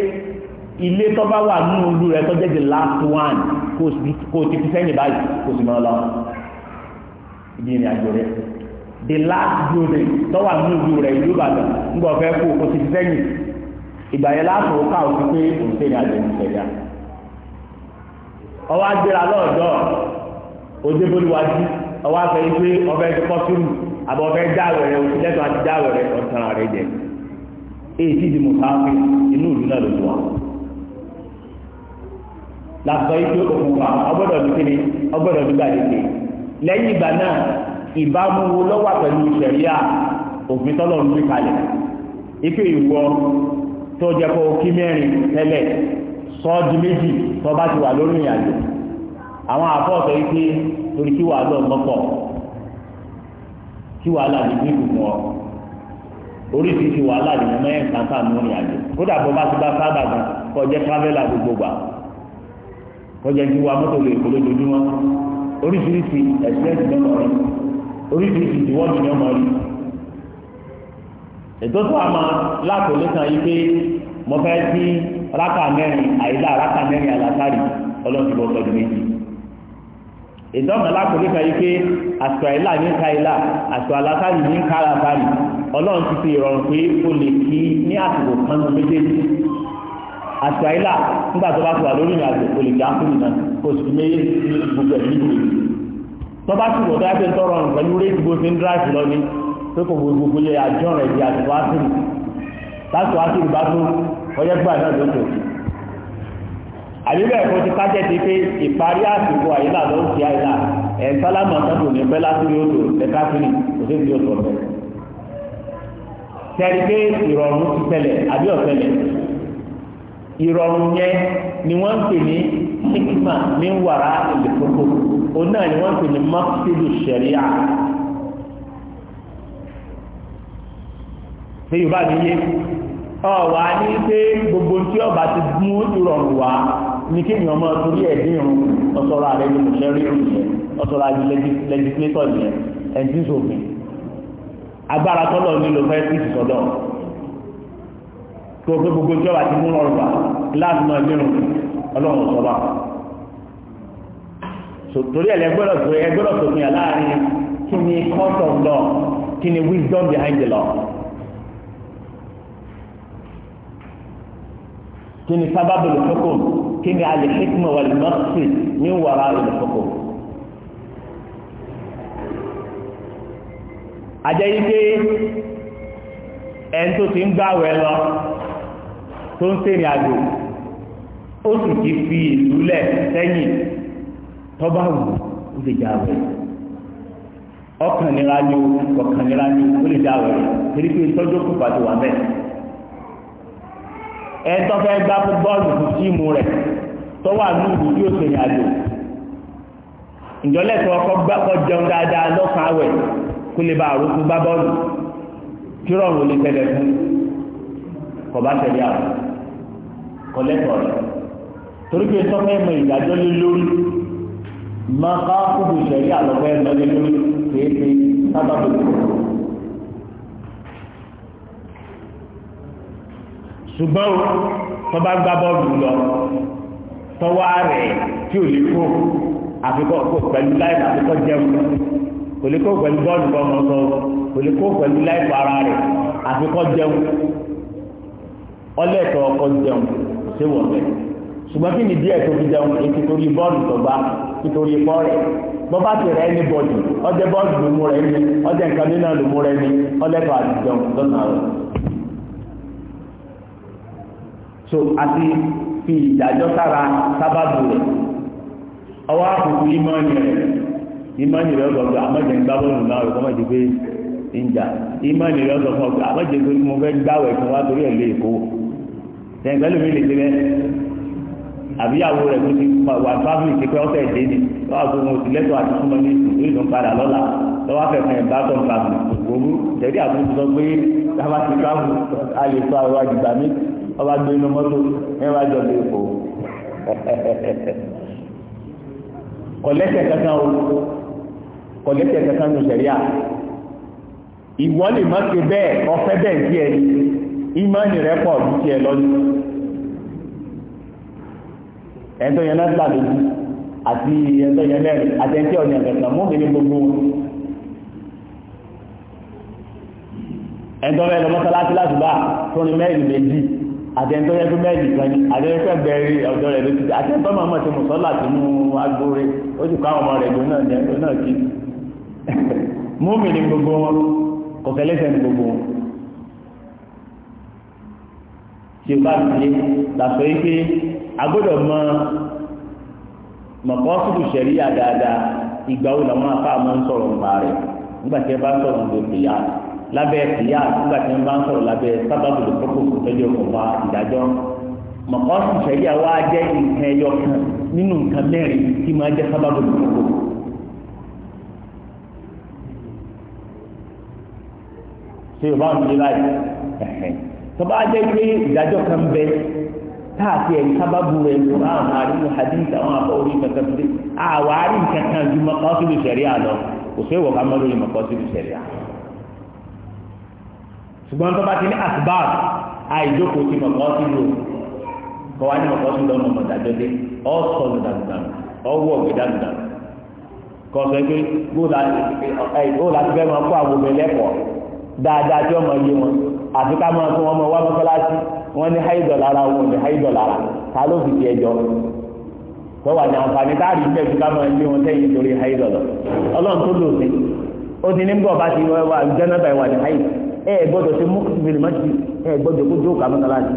ilé tó bá wà rẹ tó jẹ́ the last one kó ti fi sẹ́yìn báyìí kó sì máa lọ ibi ìrìn àjò rẹ the last building tó wà rẹ ìlú Ìbàdàn nígbà ọ̀fẹ́ kó ti fi sẹ́yìn ìgbà yẹn láàfin ó káwọn fi pé òun sẹ́yìn àjò ìṣẹ̀dá ọwọ́ agbèrè alọ́ọ̀dọ́ òdebólúwájú ọwọ́ afẹ́ yìí pé ọbẹ̀ ti kọ́ sínú àbọ̀ ọbẹ̀ òsì àti jẹ èyí ti di inú ìlú náà ló làgbọ́ yìí tó òkùnfà ọgbọ́dọ̀ ní kíni ọgbọ́dọ̀ ní gbàdéke lẹ́yìn ìgbà náà ìbámu wo lọ́wọ́ pẹ̀lú ìṣẹ̀ríà òfin tọ́lọ̀ ń gbé kalẹ̀ ike ìwọ tó jẹ́ kó kí mẹ́rin tẹ́lẹ̀ sọ di méjì tó bá ti wà lórí ìrìnàjò àwọn àfọ́ọ̀tọ̀ ike torí kí wàá lọ mọ́pọ̀ kí wàá là ní bíkù fún ọ oríṣiríṣi wàhálà ní mẹ́rin kàńtà ní ìrìnàjò kódà bó bá ti bá sábà gan kọjá travela gbogbo gbà kọjá ju wa mọ́tò lè kóló lójúmọ́ oríṣiríṣi ẹ̀sẹ̀sì ní ọmọ rí oríṣiríṣi ìwọ́dù ní ọmọ rí ètò tó a máa lákòólé kan yìí pé mo fẹ́ sí rákà mẹ́rin àyílá rákà mẹ́rin àlàkárì ọlọ́sìn bọ́ sọ́dún méjì ètò ọ̀nà lákòólé kan yìí pé àṣọ àyílá ní ká àyílá àṣọ àlàkárì ní ká àlàkárì ọlọ́run ti fi ìrọ̀rùn pé o lè kí ní àsìkò kan méjèèjì àti àìlà nígbà tó bá ti wà lórí ìrìnàjò kò lè jáfúrì náà kò sì méyé ní gbogbo ẹ̀mí ìwé tó bá sì wọ̀dọ̀ ẹgbẹ́ tọrọ ọ̀rùn pẹ̀lú rédí bó ti ń dráìfù lọ ní pé kò gbogbo ilé àjọ rẹ̀ di àtìwá sírì láti wá sírì bá tún ọjọ́ gbà náà ló tó àbíbẹ̀ ẹ̀kọ́ ti kájẹ́ ti pé ìparí àsìkò àyílà ló ń ṣe àyílà ẹ̀ sálámà sábò pẹ́ ìrọ̀rùn yẹn ni wọ́n ń pè ní hikma ní wàrà ìlẹ̀kọ́kọ́ òun náà ni wọ́n ń pè ní maqsidu sharia ṣé yorùbá mi yé ọ̀wà ní pé gbogbo tí ọba ti mú ìrọ̀rùn wá ní kí èèyàn máa torí ẹ̀ dín irun ọ̀sọ̀rọ̀ ààrẹ ní mọ̀ṣẹ́ rí irun yẹn ọ̀sọ̀rọ̀ àti legislator yẹn ẹ̀ńtínsòfin agbára tọ́lọ̀ nílò fẹ́ẹ́ sì sọ́dọ̀ tó pé gbogbo ìjọba ti múnà ọ̀rọ̀ láti mọ ẹgbẹ́ ọlọ́run sọ́ba torí ẹ̀ lẹ́gbọ́dọ̀ tó ẹgbọ́dọ̀ tó fìyà láàrin kí ni court of law kí ni wisdom behind the law kí ni sábàbù lùfọ́kùn kí ni alìhíkùmọ̀ wà lùmọ́sì ní wàrà lùfọ́kùn. àjẹ́ pé ẹni tó ti ń gbàwẹ̀ lọ tó ń sèrìn àjò ó sì fi ìlú sẹ́yìn tó o wù ó lè já nira ni o ọkàn nira ni ó lè já torí pé tọ́jú kò pàtó wà bẹ́ẹ̀ ẹ tó gbá bọ́ọ̀lù fún tíìmù rẹ̀ tó wà ní ìlú yóò sèrìn àjò ìjọlẹ̀ tó ọkọ̀ jẹun dáadáa kọlẹ́tọ̀ rẹ̀ torí pé sọ́kẹ́ mọ ìdájọ́ lé lórí máa ká kúbu ìṣẹ̀rí àlọ́fẹ́ lọ́lé lórí kéèké sábàbí ṣùgbọ́n o tọ́ba gbá bọ́ọ̀lù lọ tọ́wọ́ rẹ̀ tí ò lè kó àfikọ́ pẹ̀lú láì àfikọ́ jẹun kò lè kó pẹ̀lú bọ́ọ̀lù kan mọ́ sọ kò lè kó pẹ̀lú láì ara rẹ̀ àfikọ́ jẹun ọlẹ́tọ̀ ọkọ̀ jẹun ṣé wọ̀ bẹ́ẹ̀ ṣùgbọ́n kí ni díẹ̀ tó fi jẹun ètò torí bọ́ọ̀lù tó bá nítorí ikọ́ rẹ̀ bọ́bá ti rẹ̀ ní bọ́ọ̀lù ọjẹ́ bọ́ọ̀lù ló mú rẹ̀ ní ọjẹ́ nǹkan nínú ló mú rẹ̀ ní ọlẹ́tọ̀ àti jẹun lọ́nà rẹ̀ so àti fi ìdájọ́ sára sábàbù rẹ̀ ọwọ́ àkùkù ìmọ̀ọ́nì rẹ̀ ìmọ̀ọ́nì rẹ̀ ọ̀gbọ̀gbọ̀ àmọ́jẹ̀ ń gbábọ́ọ̀lù náà rẹ̀ kọ́mọ̀jẹ̀ pé ìjà ìmọ̀ọ́nì rẹ̀ ọ̀gbọ̀gbọ̀ àmọ́jẹ̀ pé mo fẹ́ gbáwẹ̀ fún wa torí tẹ̀gbẹ́ lómi lè ṣe bẹ́ẹ̀ àbíyàwó rẹ̀ tó ti wà fábìlì ti pẹ́ ọ̀fẹ́ ìdè ni lọ́wọ́ tó mo ti lẹ́tọ̀ àti súnmọ́ ní ìsìn ìlú padà lọ́la lọ́wọ́ fẹ́ fẹ́ bá tọ̀ fábìlì gbogbo tẹ̀lé àbúrò sọ pé táwa ti káàbù a lè fa ọ̀rọ̀ àjùgbà mi ọba gbé inú mọ́tò mẹ́wàá jọ lè fò kọ̀lẹ́tẹ̀ kankan o kọ̀lẹ́tẹ̀ kankan ní sẹ̀ríà ìwọ lè bẹ́ẹ̀ ọ̀fẹ́ bẹ́ẹ̀ sí ẹni ìmánì rẹ̀ pọ̀ ní ti ẹ̀ lọ́dún ẹ̀ntọ́ yẹn náà tàbí àti ẹ̀ntọ́ yẹn mẹ́rin àti ẹ̀ntí ọ̀nà ẹ̀kẹ̀kẹ̀ mọ́bìnrin gbogbo ẹ̀ntọ́ mẹ́rin lọ́mọ́sálásí láti bá tó ní mẹ́rin méjì àti ẹ̀ntọ́ yẹn tó mẹ́rin kan ní àti ẹ̀ntọ́ bẹ̀rẹ̀ ọ̀dọ́ rẹ̀ ló ti tẹ̀ àti ẹ̀ntọ́ màmá ti mùsọ́lá ti mú agbóore ó sì káwọn ọmọ rẹ̀ gbóná kí mọ́bìnrin gbogbo wọn kọ̀kẹ́lẹ́sẹ̀ gbogbo wọn tí o bá ti lé lásọ yìí pé agbọ́dọ̀ mọ mọ̀kọ́sùlù sẹ̀rí àdáadáa ìgbà wo làwọn afá máa ń sọ̀rọ̀ nípa rẹ̀ nígbà tí wọ́n bá ń sọ̀rọ̀ nípa ìyá lábẹ́ ìyá nígbà tí wọ́n bá ń sọ̀rọ̀ lábẹ́ sábàbù lè kókò tọ́jú ọkọ̀ wa ìdájọ́ mọ̀kọ́sùlù sẹ̀rí àwa jẹ́ nǹkan ẹyọ kan nínú nǹkan mẹ́rin tí máa jẹ́ sábàbù lè kókò. ṣé o bá ń tọ́ba jẹ́ pé ìdájọ́ kan bẹ táàtì ẹ̀ sábàbù rẹ̀ ló àwọn àríwò hadith àwọn àbọ̀wòrí kankan tó dé àwọn àrí kankan ju mọ́kànsílù sẹ̀rí àlọ́ kò sí ìwọ̀ kámọ́ lórí mọ́kànsílù sẹ̀rí àlọ́ ṣùgbọ́n tọ́ba ti ní àìjókòó ti kọ́ wá ní ọmọ dé ọwọ́ kọ́ sọ pé máa kó àwọn obìnrin lẹ́kọ̀ọ́ dáadáa tí yé wọn àti ká máa fún ọmọ wa mọ́sálásí wọ́n ní haidọ̀ lára wọn ní haidọ̀ lára ta ló fi ti ẹjọ́ tó wà ní àǹfààní táàrí ń bẹ̀rù ká máa ń lé wọn sẹ́yìn torí haidọ̀ lọ ọlọ́run tó lòsí ó ti ní bọ̀ bá ti wá jẹ́nàbà ìwà ní haidọ̀ ẹ gbọ́dọ̀ ṣe mọ́kìsìmìlì mọ́sí ẹ gbọ́dọ̀ kó jókòó mọ́sálásí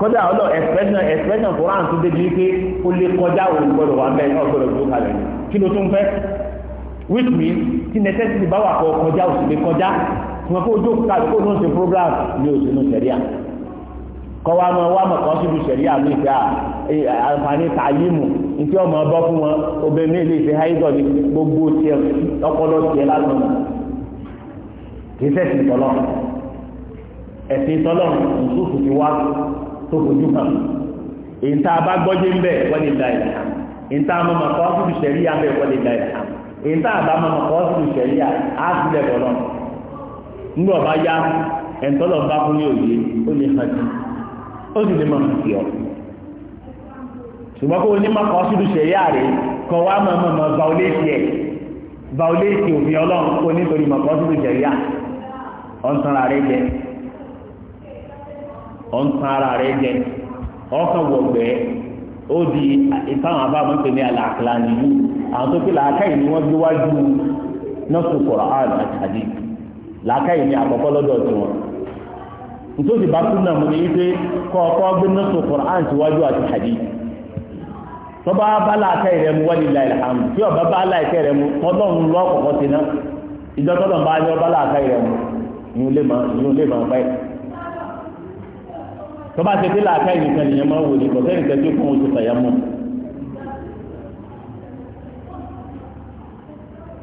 kọjá ọlọ ẹsẹsàn ẹsẹsàn koran tó débi pé ó lè kọjá òun gbọ́dọ̀ wà bẹ́ẹ̀ náà gbọ́dọ̀ jókòó kalẹ̀ kí ló tún fẹ́ which means tí necessity bá wà kọ kọjá òsì lè kọjá wọn kó ojú ká kó náà ṣe program ní òṣèlú sẹ̀ríà kọ́ wa mọ wa mọ kọ́ síbi sẹ̀ríà ní ìfẹ́ ah, àǹfààní tàyímù nítí ọmọ ọbọ fún wọn obìnrin mi lè fi háyídọ̀ ní gbogbo tiẹ̀ ọpọlọ tiẹ̀ lásán kì í sẹ́sìn tọ́lọ́ ẹ̀sìn tọ́lọ́ nṣúfù ti wá tó fojú kan èyí tá a bá gbọ́jé ń bẹ̀ wọ́n lè da ìlànà èyí tá a mọ̀ mọ̀ síbi sẹ̀ríà bẹ̀ wọ́n lè da ìlànà èyí tá bá mọ̀ mọ̀ kọ́ síbi sẹ̀ríà á sílẹ̀ tọ́lọ́ nígbà ọba yá ẹ̀ńtọ́lọ̀ bá fún ní òye ó lè hàn jù ó sì lè mọ̀ sí ọ ṣùgbọ́n kó o ní mọ̀ kọ́ síbi ṣẹ̀yà rẹ̀ kọ́ wá mọ̀ mọ̀ mọ̀ bá olé tiẹ̀ bá olé tiẹ̀ òfin ọlọ́run kó nítorí mọ̀ kọ́ síbi ṣẹ̀yà ọ̀ntara rẹ̀ jẹ ọ̀ntara rẹ̀ jẹ ọkàn àwọn tó fi làákàyè ni wọ́n gbé wájú nọ́ọ̀sì kọ̀ọ̀rọ̀ àrùn àti àdìyí làákàyè ní àkọ́kọ́ lọ́dọ̀ tí wọn nítorí bá tún náà mú ní wípé kọ́ọ̀kọ́ gbéná tó Qur'an síwájú àti hadith tó bá bá làákàyè rẹ mu wọ́n ilà ìlàmù tí ọba bá làákàyè rẹ mu tọ́lọ́run lọ́ kọ̀kọ́ sí náà ìjọ tọ́lọ́run bá yọ bá làákàyè rẹ mu ni ó lè máa pẹ́ ní kọ̀ọ̀kẹ́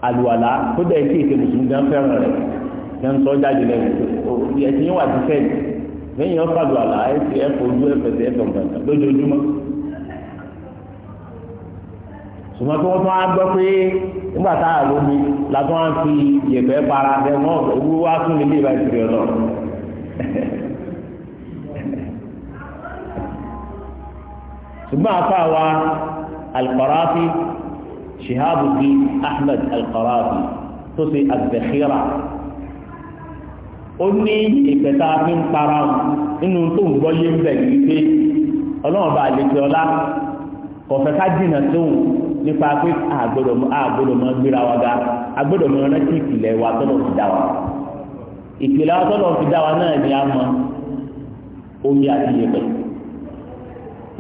àlùwàlá tó dẹ̀ ń kí ètè mùsùlùmí gan fẹ́ràn rẹ̀ yẹn ń sọ jáde lẹ́yìn ẹ̀sìn yín wà ti fẹ́ lẹ́yìn ọ̀fàdù àlà ẹ̀sìn ẹ̀fọ̀ ojú ẹ̀fẹ̀sẹ̀ ẹ̀fọ̀ gbàgbà lójoojúmọ́. ṣùgbọ́n tí wọ́n tún á gbọ́ pé nígbà tá a lómi la tún á fi yẹ̀pẹ̀ para ẹ̀ mọ́ owó wá tún lè lè bá ìsìnkú ọ̀nà. ṣùgbọ́n afa wa alqarafi shihabuddin ahmed alqarafi tó ṣe àgbẹ̀xíra ó ní ìpẹ̀ta fi ń para nínú tó ń gbọ́ yé ń bẹ̀ wípé ọlá kọ̀fẹ́ ká jìnà ga rántí ìpìlẹ̀ wa tọ́lọ̀ fi dá wa ìpìlẹ̀ wa tọ́lọ̀ ni a mọ omi àti ìyẹ̀pẹ̀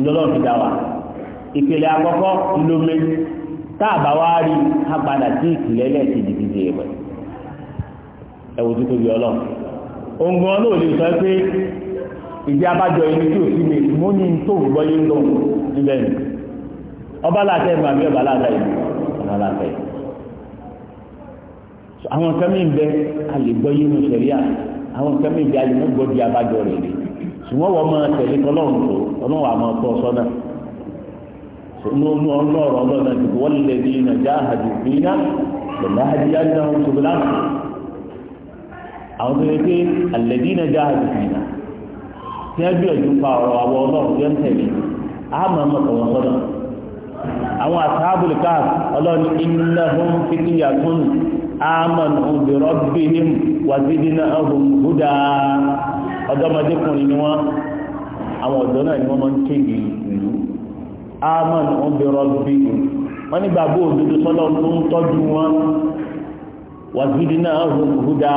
lọ́lọ́run fi dá wa ìpìlẹ̀ àkọ́kọ́ lómi táàbà rí a padà sí ìpìlẹ̀ lẹ́ẹ̀kejì ti òǹgbọ́n náà lè sọ pé ìdí abájọ ẹni tí ò sí mi mú ní tó gbọ́ yé lọ níbẹ̀ ni ọba láàtẹ̀ ìgbà mi ọba láàtẹ̀ ìlú ọba láàtẹ̀ ìlú àwọn kẹ́mí ń bẹ alẹ́ gbọ́ yé nu sẹ̀ríà àwọn kẹ́mí ń bẹ mú abájọ rẹ̀ ṣùgbọ́n wọ́n máa tẹ̀lé tọ́lọ́run tó ọlọ́run àmọ́ àwọn tó yẹ pé àlẹ́dí náà já àdùkù yìí náà tí wọ́n gbìyànjú pa ọ̀rọ̀ àwọ̀ ọlọ́run tí wọ́n tẹ̀lé àmọ́ ọmọkọ̀ wọn sọ́dọ̀ àwọn àtàbùlù káàkiri ọlọ́run iná fún fíkìyà tún àmọ́nù bi rabbihim wa zidnahum huda ọ̀dọ́mọdékùnrin ni wọ́n àwọn ọ̀dọ́ náà ni wọ́n máa ń kéde ìlú àmọ́nù bi rabbihim wọ́n nígbàgbọ́ òdodo sọ́dọ̀ tó ń tọ́jú wọn wàzídì náà hùdà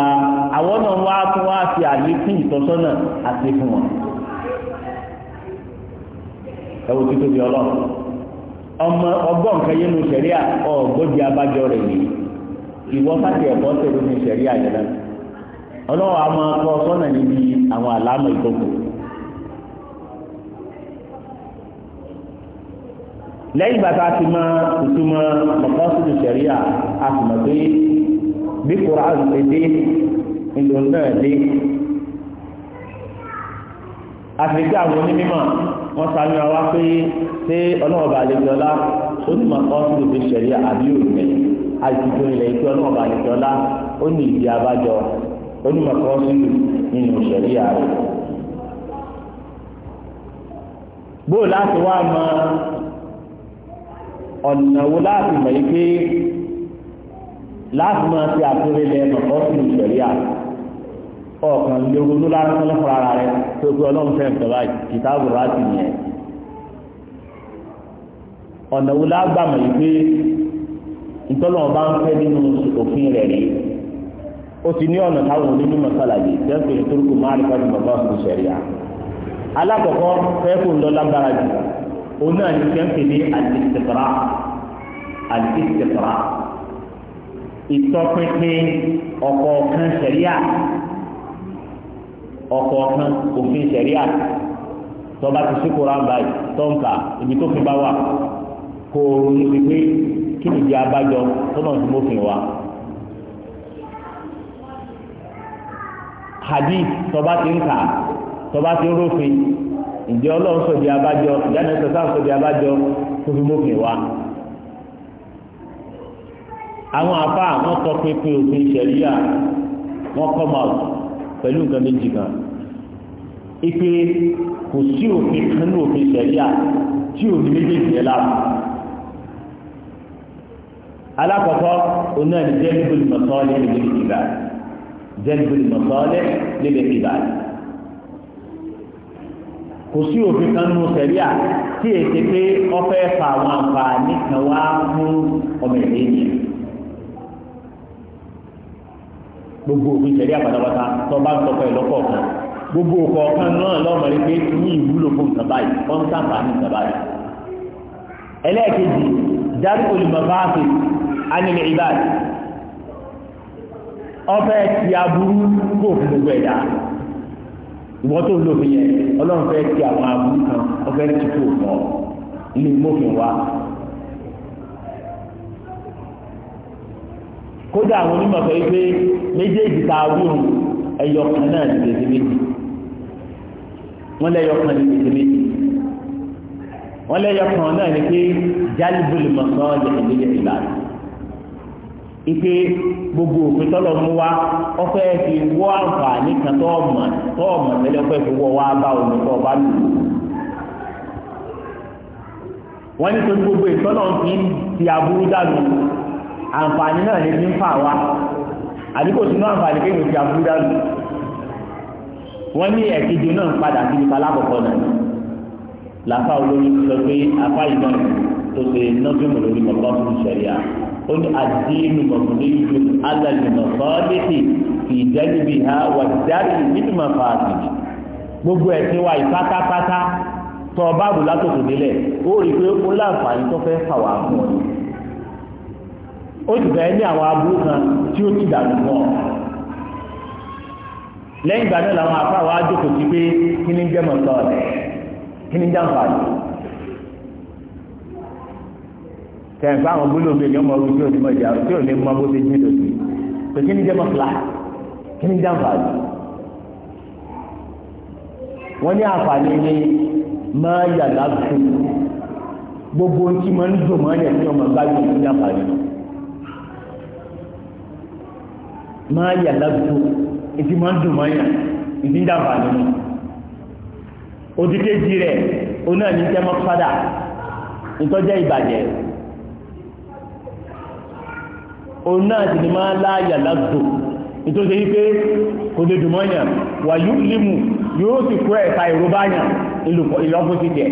àwọn náà wá tún wá fi àlékún ìtọ́sọ́nà àti fún wọn. ẹ wo títóbi ọlọ́run ọmọ ọgbọ́n nǹkan nu sẹ̀ríà ọ̀gbọ́dì abájọ rẹ̀ yìí ìwọ fàtì ẹ̀kọ́ tẹ̀lé nu sẹ̀ríà yẹn náà ọlọ́wọ́ a sọ́nà níbi àwọn àlámọ̀ ìkókò. lẹ́yìn bàtà ti máa tuntun mọ́ bí Qur'an ṣe dé ìlú náà dé àtìgbà àwọn onímọ̀ wọ́n sáré wa pé ṣé ọlọ́ọ̀bà àlejòọlá ó ní màá kọ́ síbi ṣẹ̀rí àbí òmìnir àìsíkò ilẹ̀ ìpé ọlọ́ọ̀bà àlejòọlá ó ní ìdí abájọ ó ní màá kọ́ síbi nínú ṣẹ̀rí ààrẹ. bóò láti wá mọ ọ̀nà wo láti mọ̀ yìí pé láti máa ṣe àtúnṣe lẹ́nu ọ̀sìn ìṣẹ̀ríà ọ̀kan lóronú lásán lọ́fọ̀ ara rẹ tó pé ọlọ́run fẹ́ fẹ́ báyìí kìtàbù láti nìyẹn ọ̀nà wo lágbàmọ̀ yìí pé ìtọ́lọ́wọ́ bá ń fẹ́ nínú òfin rẹ̀ rí ó ti ní ọ̀nà táwọn onímọ̀ sàlàyé tẹ́sí ìtúrùkù máa rí fájú bàbá ọ̀sùn ṣẹ̀ríà alákọ̀ọ́kọ́ fẹ́ẹ́kùn lọ lágbára jù òun náà ní kẹ́ńpé ìtọpinpin ọ̀kọ̀ọ̀kan ṣẹ̀ríà ọ̀kọ̀ọ̀kan òfin tọba ti ṣíkòrò tọ́ǹkà ibi tó fi bá wà o ronú pé kí abájọ tọba ti ń kà tọba ti ń rófin ǹjẹ́ ọlọ́run sọ̀dí abájọ ìyá náà sọ̀dí wa. àwọn àfa àwọn sọ pé pé òfin ṣẹ̀ríà wọ́n come out pẹ̀lú nǹkan méjì kan ipe kò sí òfin kan ní òfin ṣẹ̀ríà tí ò ní méjèèjì yẹn lára alákọ̀ọ́kọ́ oná ní jẹ́líbùlì mọ̀sọ́ọ́lẹ́ nílé ìgbà jẹ́líbùlì mọ̀sọ́ọ́lẹ́ nílé ìgbà kò sí òfin kan nínú ṣẹ̀ríà tí èsì pé ó fẹ́ fa àwọn àǹfààní kan wá fún ọmọ ìlẹ́yìn gbogbo òfin ìṣẹ̀lẹ̀ àpàtàpàtà tó bá ń tọkọ ẹ̀ kan gbogbo òkọ̀ kan náà lọ́mọ pé ní ìwúlò fún nǹkan báyìí wọ́n ń sàǹfà ní nǹkan báyìí. ẹlẹ́ẹ̀kejì dárí olùmọ̀fáàfẹ́ anilẹ̀ ìbáàdì ọfẹ́ ti aburú kò fún gbogbo ẹ̀dá tó lò fi yẹn ọlọ́run fẹ́ ti àwọn aburú kan ọfẹ́ ti kò kódà àwọn onímọ̀ sọ wípé méjèèjì tá a wíhùn ẹyọ kan náà ti tètè méjì wọ́n lẹ́yọ kan ti tètè méjì wọ́n lẹ́yọ kan náà ni pé jálíbùlù mọ̀sán ọ̀jẹ̀ ìdílé ìbàdàn ipe gbogbo òfin tọ́lọ̀ mú wa ọ̀fẹ́ fi wọ́ àǹfààní kan tó ọmọ tó ọmọ tẹ́lẹ̀ ọ̀fẹ́ fi wọ́ wa bá omi tó ọba lù wọ́n ní sọ gbogbo ìtọ́lọ̀ fi ti aburú dànù àǹfààní náà lè ní ń fà wá àdíkò sínú àǹfààní pé ìròyìn àbúrú dànù wọ́n ní ẹ̀kejì náà padà sí ipa lákọ̀ọ́kọ́ náà làfà olórí sọ pé afá ìgbà tó ṣe nọ́bìmù lórí mọ̀lọ́fún ṣẹ̀ríà ó ní àdínú mọ̀kúndé ju alàlùmọ̀ sọ́ọ́dẹ́sì fi ìdẹ́lùbí ha wà dárì nínú màfààtì gbogbo ẹ̀sìn wa ìpátápátá tọ́ báàbù látòkòdélẹ̀ ó rí i pé ó láǹfààní tó fẹ́ fà wá fún ọ ó sì bẹ̀rẹ̀ ní àwọn aburú kan tí ó ti dànù wọn lẹ́yìn ìgbà náà làwọn afá wa jókòó sí pé kí ni jẹ́ mọ̀tọ́ rẹ̀ kí ni jàǹfà rẹ̀ tẹ̀ǹfà àwọn gbólóògbé ni ọmọ orí tí ò ní mọ̀ ìjà tí ò ní mọ bó ṣe jí lòdì pé kí ni jẹ́ mọ̀tọ́ kí ni jàǹfà rẹ̀ wọ́n ní àǹfààní ní máa yàgbá fún gbogbo tí máa ń dùn máa yẹ̀ sí ọmọ gbájú ìjàǹfà rẹ̀ máa yà lábùtò ìdí máa ń dùn máa yà ìdí ń dàbà nínú odikeji rẹ̀ oná ní tẹ́mọ́ padà ìtọ́jẹ́ ìbàjẹ́ oná ti ní máa láàyà lágbò nítorí wípé kò lè dùn mọ́yàn wà yú límù yóò sì kú ẹ̀ta ìrúbáyàn ìlọ́pù sí jẹ́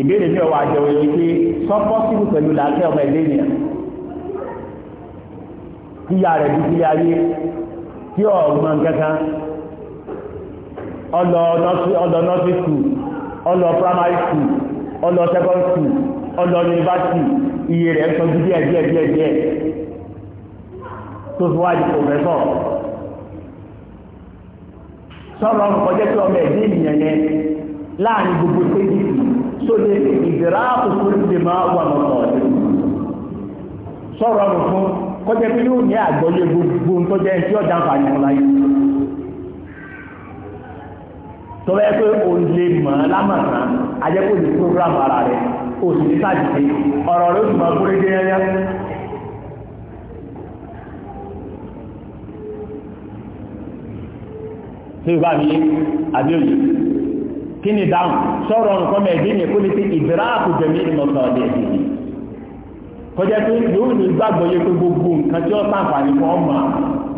ìbéèrè ní ọwọ́ àjẹwò yìí pé sọ́pọ́sìlù pẹ̀lú làákẹ́ ọmọ ẹ̀lẹ́nìyàn tíyà rẹ̀ bí sílé ayé tí ọ̀gbọ́n kankan ọlọ nursery school ọlọ primary school ọlọ secondary school ọlọ university iye rẹ̀ ń tọ́jú díẹ̀ díẹ̀ díẹ̀ díẹ̀ tó fi wá di professor sọ̀rọ̀ ọ̀kọ̀jẹ́ tí ọmọ ẹ̀dẹ́ ènìyàn yẹn láàrin gbogbo tẹ́jì tó lè ìdìrá òkú lè máa wà lọ́tọ̀ọ̀dẹ́ sọ̀rọ̀ ọ̀rùn fún kọjá pé yóò ní àgbọ́yé gbogbo ń tọ́jẹ́ tí ọjà ń fàyàn láyé tọ́wọ́ ẹ pé o lè mọ̀ ọ́ lámọ̀tàn ajẹ́kọ̀ọ́ program ara rẹ̀ o sì ní sáàjìdé ọ̀rọ̀ rẹ̀ ó sì máa kúrẹ́ déyẹ́yẹ́ tí ó bá mi àbí òye kí ni dáhùn sọ̀rọ̀ nǹkan mẹ́ẹ̀dínlẹ̀ kó ní sí ìdíráàpù jẹ̀mí ìmọ̀sán ọ̀dẹ̀ ìdílé kọjá pé yóò ní gbàgbọ́ yẹ pé gbogbo nǹkan tí ó sàǹfààní fún ọmọ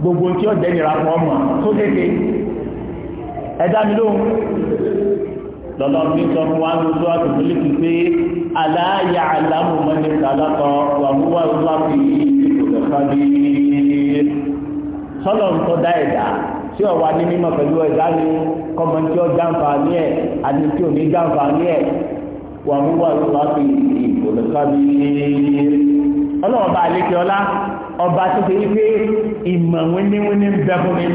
gbogbo tí ó jẹ́nira fún ọmọ tó tètè ẹ̀dá mi lóhun lọ́lọ́ fi sọ fún wa ní ojú àtúntò ti pé aláàyà aláàmù mọ́ni kàlákọ̀ wà wúwà wúwà fi ìdòkòkò ní sọ́lọ̀ ń tọ́ dá ẹ̀dá tí ọ̀wà ní mímọ̀ pẹ̀lú ẹ̀dá ni kọ́mọ tí ó jàǹfà ẹ̀ àti tí ò ní jàǹfà ẹ̀ wà wúwà wúwà fi ìdòkòkò ní ọlọ́ọ̀bá àlékè ọlá ọba tó ṣe wípé ìmọ̀ wíníwíní ń bẹ fún mi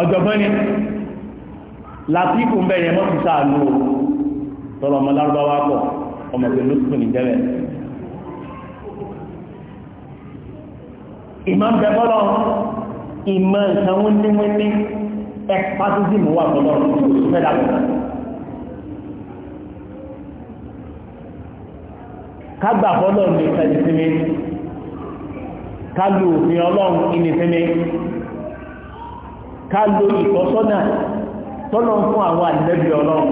ọ̀jọ̀gbọ́n ni làtífù ń bẹ yẹn mọ́tò sáàlú o tọ́lọ̀ ọmọ lárúbáwá pọ̀ ọmọ pé lóṣù ní jẹ́rẹ̀ ìmọ̀ ń bẹ fọ́lọ́ ìmọ̀ ìsanwó níwíní ẹ̀pá tó sì mú kágbà fọ́lọ́ ní ìtẹ́jú sí mi kálù òfin ọlọ́run ìní kálù ìtọ́sọ́nà tọ́lọ́ fún àwọn àdínẹ́bí ọlọ́run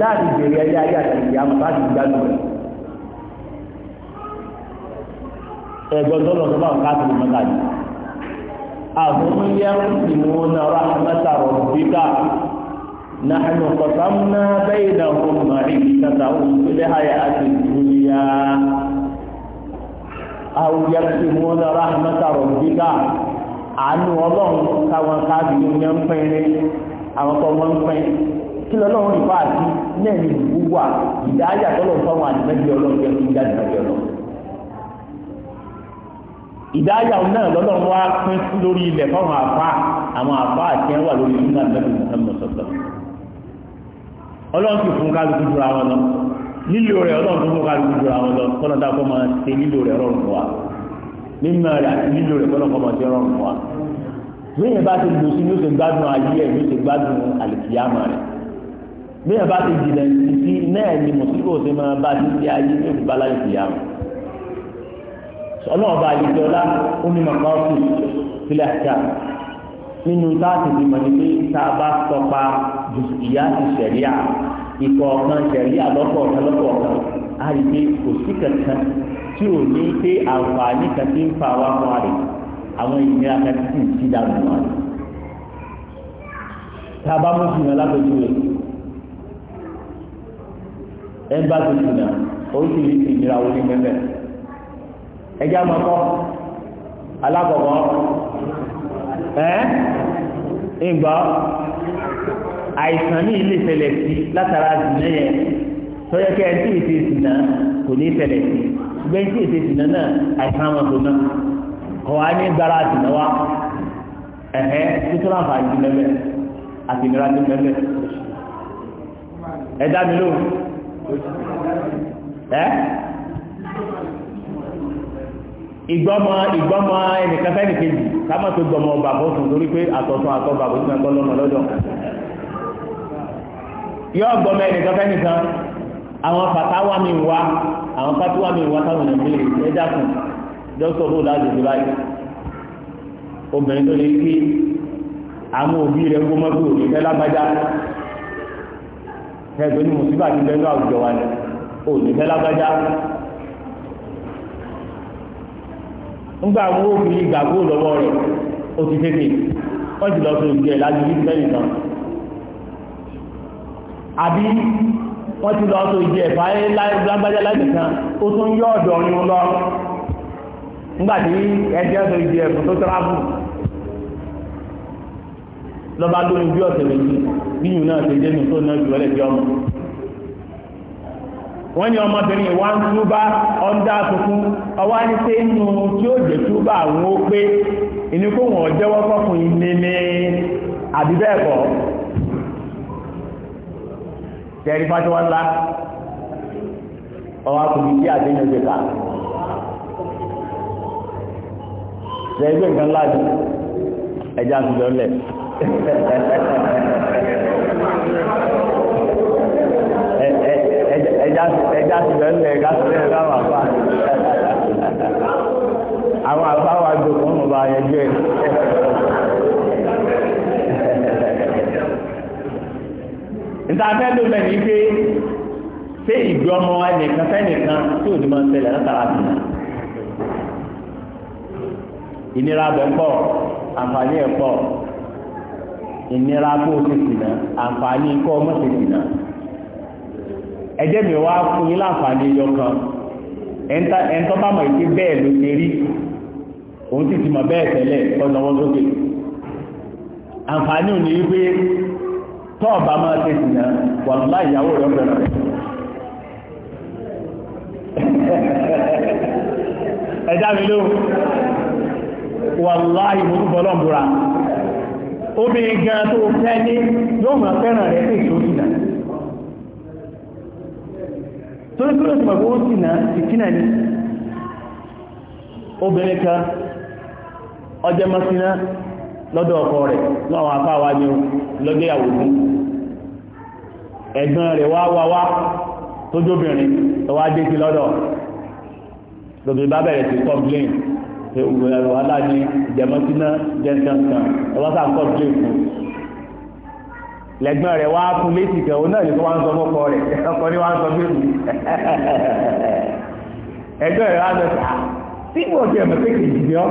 láti bèrè ẹyẹ ayé àti ìyá bá ti gbádùn tọ́lọ́ نحن قسمنا بينهم معيشتهم في الحياة الدنيا أو يقسمون رحمة ربك àánú ọlọ́run káwọn káàbìrì ní ń pín ní àwọn tó wọ́n ń pín kí lọ́lọ́run rí bá àti náà ní ìlú wà ìdáyà tọ́lọ̀ fáwọn àdìmẹ́bí ọlọ́run jẹ́ fún jáde lọ́jọ́ lọ. ìdáyà náà lọ́lọ́run wá pín lórí ilẹ̀ fáwọn àfa àwọn àfa àti ẹ̀wà lórí ìlú náà lẹ́nu ìlú náà lọ́sọ̀tọ̀ ọlọ́run ti fún kálukú jura wọn lọ lílo rẹ̀ ọlọ́run tó fún kálukú jura wọn lọ kọ́nà dákọ́ máa ṣe lílo rẹ̀ rọrùn fún wa mímọ rẹ̀ àti lílo rẹ̀ kọ́nà kọ́ máa ṣe rọrùn fún wa bẹ́ẹ̀ bá ti lò sí ló ṣe gbádùn ayé ẹ̀ ló ṣe gbádùn àlìkìyàmọ̀ rẹ̀ bẹ́ẹ̀ bá ti jìnà sí náà ni mùsùlùmí ò ṣe máa bá ti ṣe ayé ní òkú bala àlìkìyàmọ̀ ọlọ́run bá yìí jọlá ó ní màkà ọ̀sùn nínú láti fi mọ̀ ní pé tá a bá tọpa ìyá ti sẹ̀ríà ìkọ̀ọ̀kan sẹ̀ríà lọ́kọ̀ọ̀kan lọ́kọ̀ọ̀kan a rí pé kò sí kankan tí ò ní pé àǹfààní kan ti ń fa wá fún wa rè àwọn ìnira kan ti ń ti dànù wọn. tá a bá mú sùn yàn rẹ̀ ẹ bá ti sùn yàn oríṣiríṣi ìnira wo ní mẹ́fẹ́ ẹjẹ́ àmọ́kọ́ alákọ̀ọ́kọ́ ẹ́ ìgbà àìsàn ní ilé ṣẹlẹ̀ sí látara ìdìnnà yẹn tó yẹ kí ẹ tí èsì ìdìnnà kò ní ṣẹlẹ̀ sí ṣùgbọ́n tí èsì ìdìnnà náà àìsàn wọn tó náà kọ̀ wá ní gbára ìdìnnà wa ẹ̀hẹ́ títún láǹfààní ti mẹ́mẹ́ àti ìnira ti mẹ́mẹ́ ẹ dá mi lóhùn ẹ́ ìgbọ́mọ ìgbọ́mọ ẹnìkan fẹ́ nìkejì kámọ́ tó gbọmọ bàbá fún torí pé àtọ̀tún àtọ̀ bàbá tó kọ́ lọ́mọ lọ́dọ̀ yọ gbọmọ ẹnìkan fẹ́ nìkan àwọn fàtàwà mi wá àwọn fàtàwà mi wá táwọn ènìyàn mílè ẹ dákun dókítà bó láti ṣe báyìí obìnrin tó lè kí àwọn òbí rẹ̀ gbọmọ́gbò ìfẹ́ lágbájá ẹgbẹ́ ni mùsùlùmí àti bẹ́ẹ̀ ńgbà wo fi ìgbàgbó lọ́wọ́ rẹ̀ ó ti tètè wọ́n ti lọ sí ojú lájú ní sẹ́yìn kan àbí wọ́n ti lọ sí ojú ẹ̀ lágbájá láti kan ó tún yọ ọ̀dọ̀ ọ̀run lọ ńgbà tí ẹjẹ́ sọ ojú ẹ̀ tó tẹ́ráfù lọ́ba lórí bí ọ̀sẹ̀ méjì wọ́n ní ọmọbìnrin wa ń túbá ọ̀dá tuntun ọwá ní pé inú tí ó jẹ́ túbá àwọn ó pé inú kó wọ́n jẹ́wọ́ àbíbẹ́ẹ̀kọ́ tẹ́rí ẹja ti bẹ̀ ńlẹ̀ ẹja ti bẹ̀ ńlẹ̀ àwọn àwọn àfa wa dòkun nù bá yẹn jẹ́ ntàfẹ́ ló bẹ̀ ní pé ṣé ìgbé ọmọ ẹnìkan fẹ́nìkan tí ò máa ń látara ìnira bẹ̀ pọ̀ àǹfààní ẹ̀ pọ̀ ìnira kó o ti sì náà àǹfààní kó o mọ̀ ti sì náà. ẹjẹ́ mi wá fún yín láǹfààní ẹyọ kan bá mọ̀ bẹ́ẹ̀ ló ṣe rí òun sì ti mọ̀ bẹ́ẹ̀ tẹ́lẹ̀ tọ́lọ́wọ́ àǹfààní ò ní wípé tọ́ọ̀bá máa ṣe náà wà láì ìyàwó rẹ̀ bẹ̀rẹ̀ mi ló wà láì mo tún tori kuro ó ti màgbó ó sínà ìkínà ní obìnrin kan ọjẹ́ mọ́síná lọ́dọ̀ ọkọ rẹ̀ láwọn afáwà ní lọ́jẹ́ àwòrán ẹ̀gbọ́n rẹ̀ wá wá wá tó jóbìnrin dé ti lọ́dọ̀ bá bẹ̀rẹ̀ sí lẹ́gbọ́n rẹ̀ wá fún létí kan òun náà lè tó wá ń sọ mọ́kọ rẹ̀ ọkọ ní wá ń sọ bẹ́ẹ̀ ẹgbẹ́ rẹ̀ wá sọ tí mo ti ẹ̀mọ̀ pé kìí jìnnà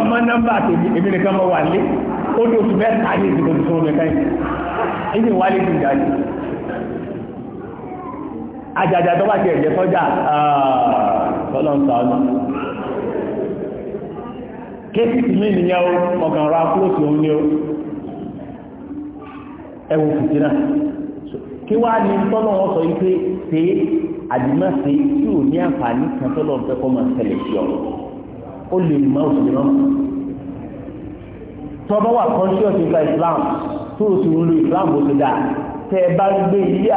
ọmọ nọ́mbà tèmi èmi nìkan mọ́ wà lé ó ní oṣù mẹ́ta ní ìdìbò tó Ewu fìtínà kí wá ní tọ́lọ̀ wọn sọ wípé ṣe àdìmọ́ tí ò ní àǹfààní kan tọ́lọ̀ ń kọ́ máa ṣẹlẹ̀ sí ọ ó lè náà tọ́ba wà conscious nípa Islam tó o sì ń lo Islam bó ti dáa tẹ́ bá gbé ilé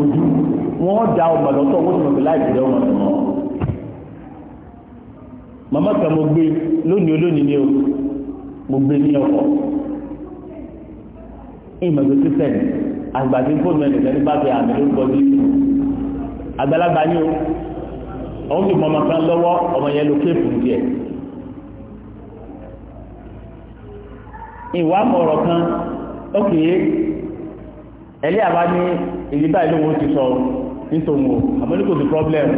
ojú wọ́n da ọmọ màmá kan mo gbé lónìí olónìí ni o mo ìmọ̀tò sísẹ̀mù àgbàdì fóònù ẹ̀dẹ̀gbẹ́ ní bàbá àmì ló kọjú àgbàlagbà ni ó ń fi mọ ọmọ kan lọ́wọ́ ọmọ yẹn ló kéèpù díẹ̀ ìwà mọ̀rọ̀ kan ókè ẹ̀lẹ́ àbá ní èyí báyìí ló wọ́n ti sọ nítorí o àmọ́ ní kò sí problem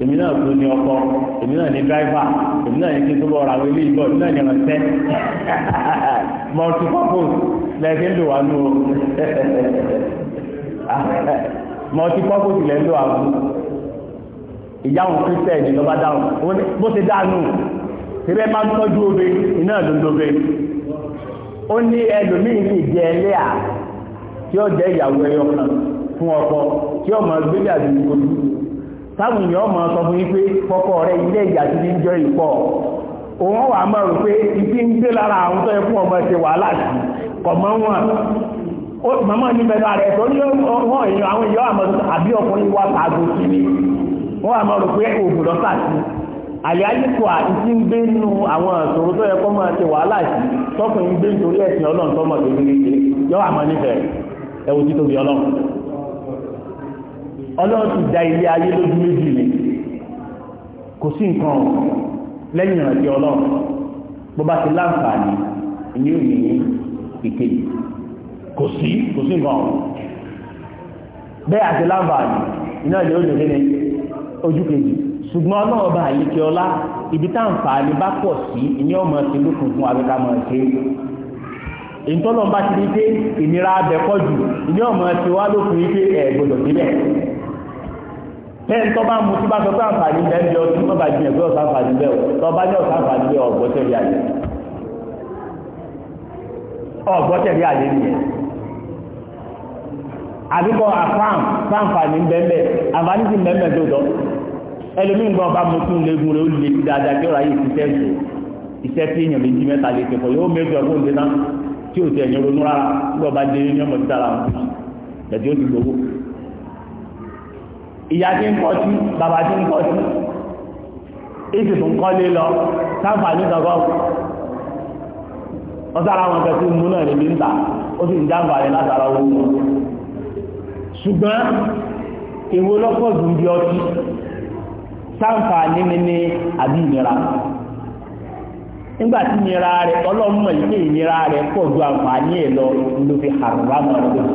èmi náà tó ní ọkọ èmi náà ní dráìvà èmi náà ní kí n tó bọ̀ ọ̀rọ̀ àwọn ilé ìbọn èmi náà ní ọ̀sẹ̀ multi purpose lẹ́gbẹ́ lò wá nú mọ́ ti kọ́ lò àwọn ìyáhùn kírísítẹ̀ẹ̀dì lọ́bá dáhùn bó ti dáhùn tẹ́rẹ máa ń tọ́jú obe iná lóńdóbe ó ní ẹlòmíì ní ìjẹ ẹlẹ́à tí ó jẹ ìyàwó ẹyọ kan fún ọkọ tí ó máa táwọn èèyàn máa sọ fún pé rẹ ilé ìyà ti òun wà máa rò pé ibi ń gbé lára àwọn tó yẹ ọmọ ṣe wàhálà sí kọ̀mọ́ wọn ó ní mẹ́ta rẹ̀ tó ní wọ́n èèyàn àwọn àmọ́ àbí ọkùnrin wá sí ni wọ́n wà máa rò pé oògùn lọ́sà sí àyáyípo àti ń gbé nínú àwọn ìṣòro tó yẹ kọ́ máa ṣe wàhálà gbé nítorí ẹ̀sìn ọlọ́run tó mọ̀ lẹ́yìn ìrántí ọlọ́run bó bá ti láǹfààní ní òní ìkejì kò sí kò sí nǹkan ọ̀hún bẹ́ẹ̀ àti láǹfààní iná ilé òní lé ní ojú kejì ṣùgbọ́n bá ọlá ibi táǹfààní bá pọ̀ sí ní ọmọ ti lókun fún abẹ́ká mọ̀ ṣe ti pé ìnira abẹ́kọ́ jù ní ọmọ ti wá bẹ́ẹ̀ tó bá mu tí bá sọ pé àǹfààní bẹ́ẹ̀ bí ọtún má bàa jìyàn pé ọ̀sán àǹfààní bẹ́ẹ̀ o tó bá ní ọ̀sán àǹfààní bẹ́ẹ̀ ọ̀gbọ́ tẹ̀lé àyè ọ̀gbọ́ tẹ̀lé àyè nìyẹn bẹ́ẹ̀ àǹfààní sì tó dọ́ ẹlòmíín gbọ́ bá tún léegun rẹ̀ ó lè dáadáa kí ọ̀rọ̀ ayé ti iṣẹ́ tí ìyá tí ń kọtí bàbá tí ń kọtí ìsì lọ sáfàní tọ́gọ́ ọ sára wọn kẹ sí múnà rẹ̀ ní ìta ó sì ń rẹ̀ látara owó ṣùgbọ́n èwo lọ́pọ̀ jù bí ọtí sáfàní ní àbí ìnira nígbà tí rẹ̀ ìpé ìnira rẹ̀ pọ̀ ju ló fi hàrùn rámọ̀ ọ̀dọ̀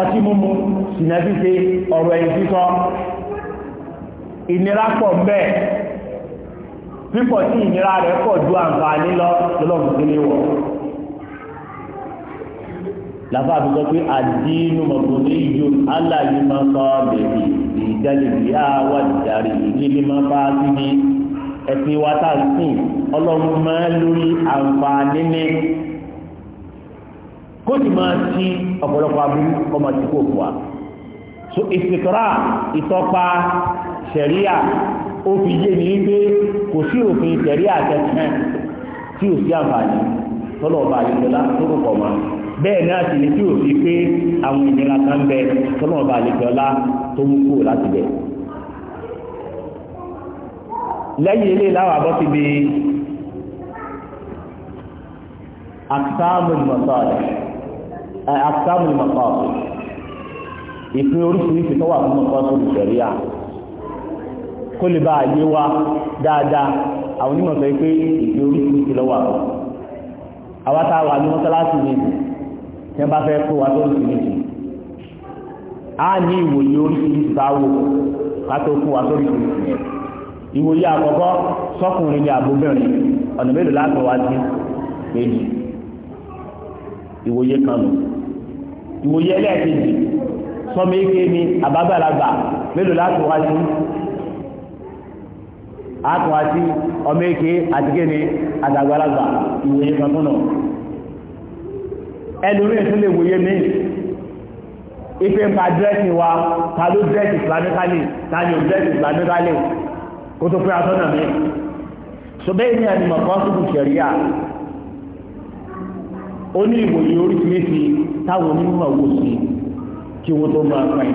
ọtí múmu ṣìnà ṣíṣe ọ̀rọ̀ ẹ̀yìn sísọ ìnira pọ̀ bẹ́ẹ̀ pípọ̀ tí ìnira rẹ̀ pọ̀ ju àǹfààní lọ lọ́lọ́mùsílẹ̀ wọ̀ lafa àti sọ pé àdínú mọ̀gbọ́n yíyó aláyé máa sọ bèbí ìdálé bí a wà jàre ìdílé máa bá a sí ní ẹ̀sìn wa tá a sìn ọlọ́run máa lórí àǹfààní ní kó sì máa ti ọ̀pọ̀lọpọ̀ aburú ọmọ tí kò fún wa so ìsìtọ́ra ìtọ́pa sẹ̀ríà ó fi yé ni wípé kò sí òfin sẹ̀ríà kẹsàn-án tí ò sí àǹfààní tọ́lọ̀ ọba àlejòlá tó rò pọ̀ mọ́ bẹ́ẹ̀ náà sì ni tí ò sí pé àwọn ìnira kan bẹ tọ́lọ̀ ọba àlejòlá tó mú kúrò láti bẹ̀. lẹ́yìn ilé láwọn abọ́ ti bíi àkàtà mọ̀lùmọ̀sọ̀ àkàmù mọ̀kọ́ọ̀tù ìpín oríṣiríṣi tó wà fún mọ̀kọ́ọ̀tù ìṣẹ̀ríà kó lè bá ayé wa dáadáa àwọn onímọ̀ sọ pé ìpín oríṣiríṣi ló wà fún àwa tá a wà ní mọ́sálásì ní ìlú tí wọ́n bá fẹ́ kó wa tó ń sìn nìyí a ní ìwòye oríṣiríṣi tá wò ká tó kó wa tó ń sìn nìyí ìwòye àkọ́kọ́ sọ́kùnrin ni àbúbẹ̀rin ọ̀nà mélòó láti wá sí ìwòye kan nù ìwòye ẹlẹ́ẹ̀kejì sọmọ eke ni àbábàlagbà mélòó láti wá sí àtún àti ọmọ eke àti kéde àtàgbàlagbà ìwòye kankan náà ẹlòmíì tún lè wòye mí ife ń pa dírẹ́sì wa ta ló dírẹ́sì islamically ta ni ò dírẹ́sì islamically kó tó pé asọ́nà mi sọ bẹ́ẹ̀ ni àdìmọ̀ kan tó kù ṣẹ̀ríà ó ní ìwòye oríṣiríṣi táwọn onímọ̀ wò sí kí wọ́n tó máa pẹ́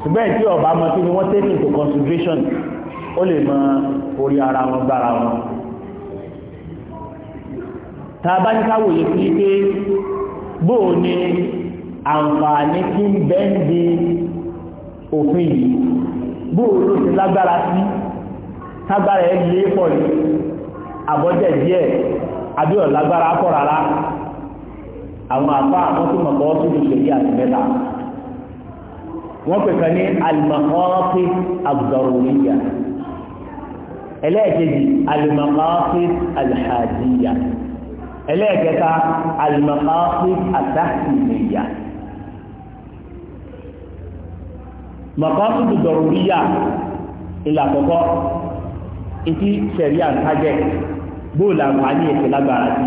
ṣùgbọ́n ìdí ọ̀bá mọ́ kí ni wọ́n take into consideration ó lè mọ orí ara wọn gbára wọn tá a bá ní káwòye sí pé bóò ni àǹfààní kí ń bẹ́ǹdì òfin yìí bóò ló ti lágbára sí tágbára ẹ̀ lé pọ̀ ní àbọ́jẹ̀ díẹ̀ àbí ọ̀lágbára pọ̀ rárá àwọn àfa àwọn tó mọ̀ kọ́ sínú ìṣèlú àti mẹ́ta wọ́n pè kan ní alimakọ́ọ́sì abudulayiya ẹlẹ́ẹ̀kejì alimakọ́ọ́sì alihadiya ẹlẹ́ẹ̀kẹta alimakọ́ọ́sì adahimiya makọ́ọ́sì abudulayiya ìlà àkọ́kọ́ etí sẹ̀ríà ń tajẹ́ bóòlù àǹfààní ètò lágbára sí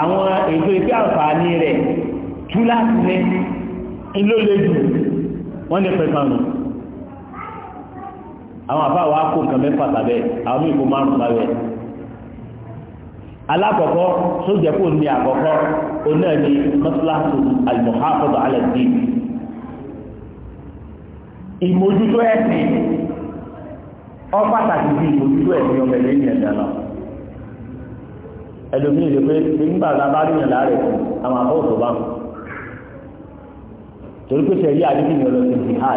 àwọn ètò ìpé àǹfààní rẹ̀ túláàtì ní ilólejù wọ́n ní pẹ̀sánù àwọn àfáà wa kó nǹkan mẹ́fà tàbẹ́ àwọn míì kó márùn tàbẹ́ alákọ̀ọ́kọ́ tó jẹ́ kó ní àkọ́kọ́ oná ní mọ́sálásù al-muhafaza ìmójútó ẹ̀sìn ọ pàtàkì bí ìmójútó ẹ̀sìn ọmọ ẹ̀lẹ́yìn ẹ̀dá náà ẹlòmíì lè pé nígbà tá a bá rí yàn láàrẹ̀ àwọn àbọ̀ òtò bá wọn torí pé sẹ̀rí àdébí ni ọlọ́sìn ti hà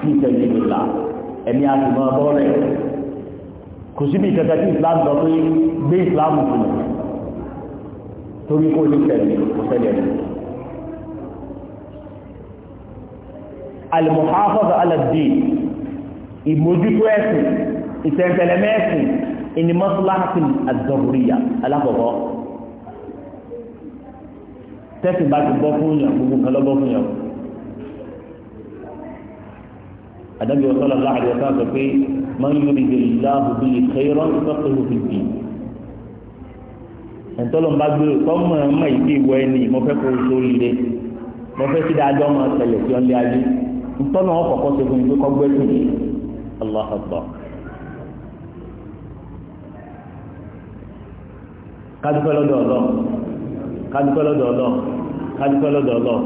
sí ìtẹ̀lé ìlà ẹ̀mí àtìmọ́ ọbọ̀ rẹ̀ kò síbi ìkẹta tí Islam sọ pé gbé Islam kù torí kó ní tẹ̀lé kò tẹ̀lé rẹ̀ almuhafaza ala ìmójútó ẹ̀sìn ìtẹ̀ntẹ̀lẹ́mẹ́sìn ìní mọ́sálásí àdọ̀rúyà alákọ̀ọ́kọ́ tẹ́sí bá ti bọ́ fún yàn gbogbo kan lọ́gbọ́ fún yàn. àdàbí ọ̀sán lọ́la àdìyàtọ̀ sọ pé máa ń yọrí ìdèlélá òbí ìkẹyọrọ sọ́kẹ́ òbí bì í. ẹ̀ńtọ́lọ́ bá gbé tọ́mọ̀ ẹ̀mọ́ ìdí ìwọ ẹni mo fẹ́ kó o tó lé mo fẹ́ kí dáadọ́ ọmọ ọ̀sẹ̀ lẹ̀ fi lé ayé ntọ́nà ọkọ̀ kọ́ kádúpẹ́ lọ́dọ̀ ọlọ́run kádúpẹ́ lọ́dọ̀ ọlọ́run kádúpẹ́ lọ́dọ̀ ọlọ́run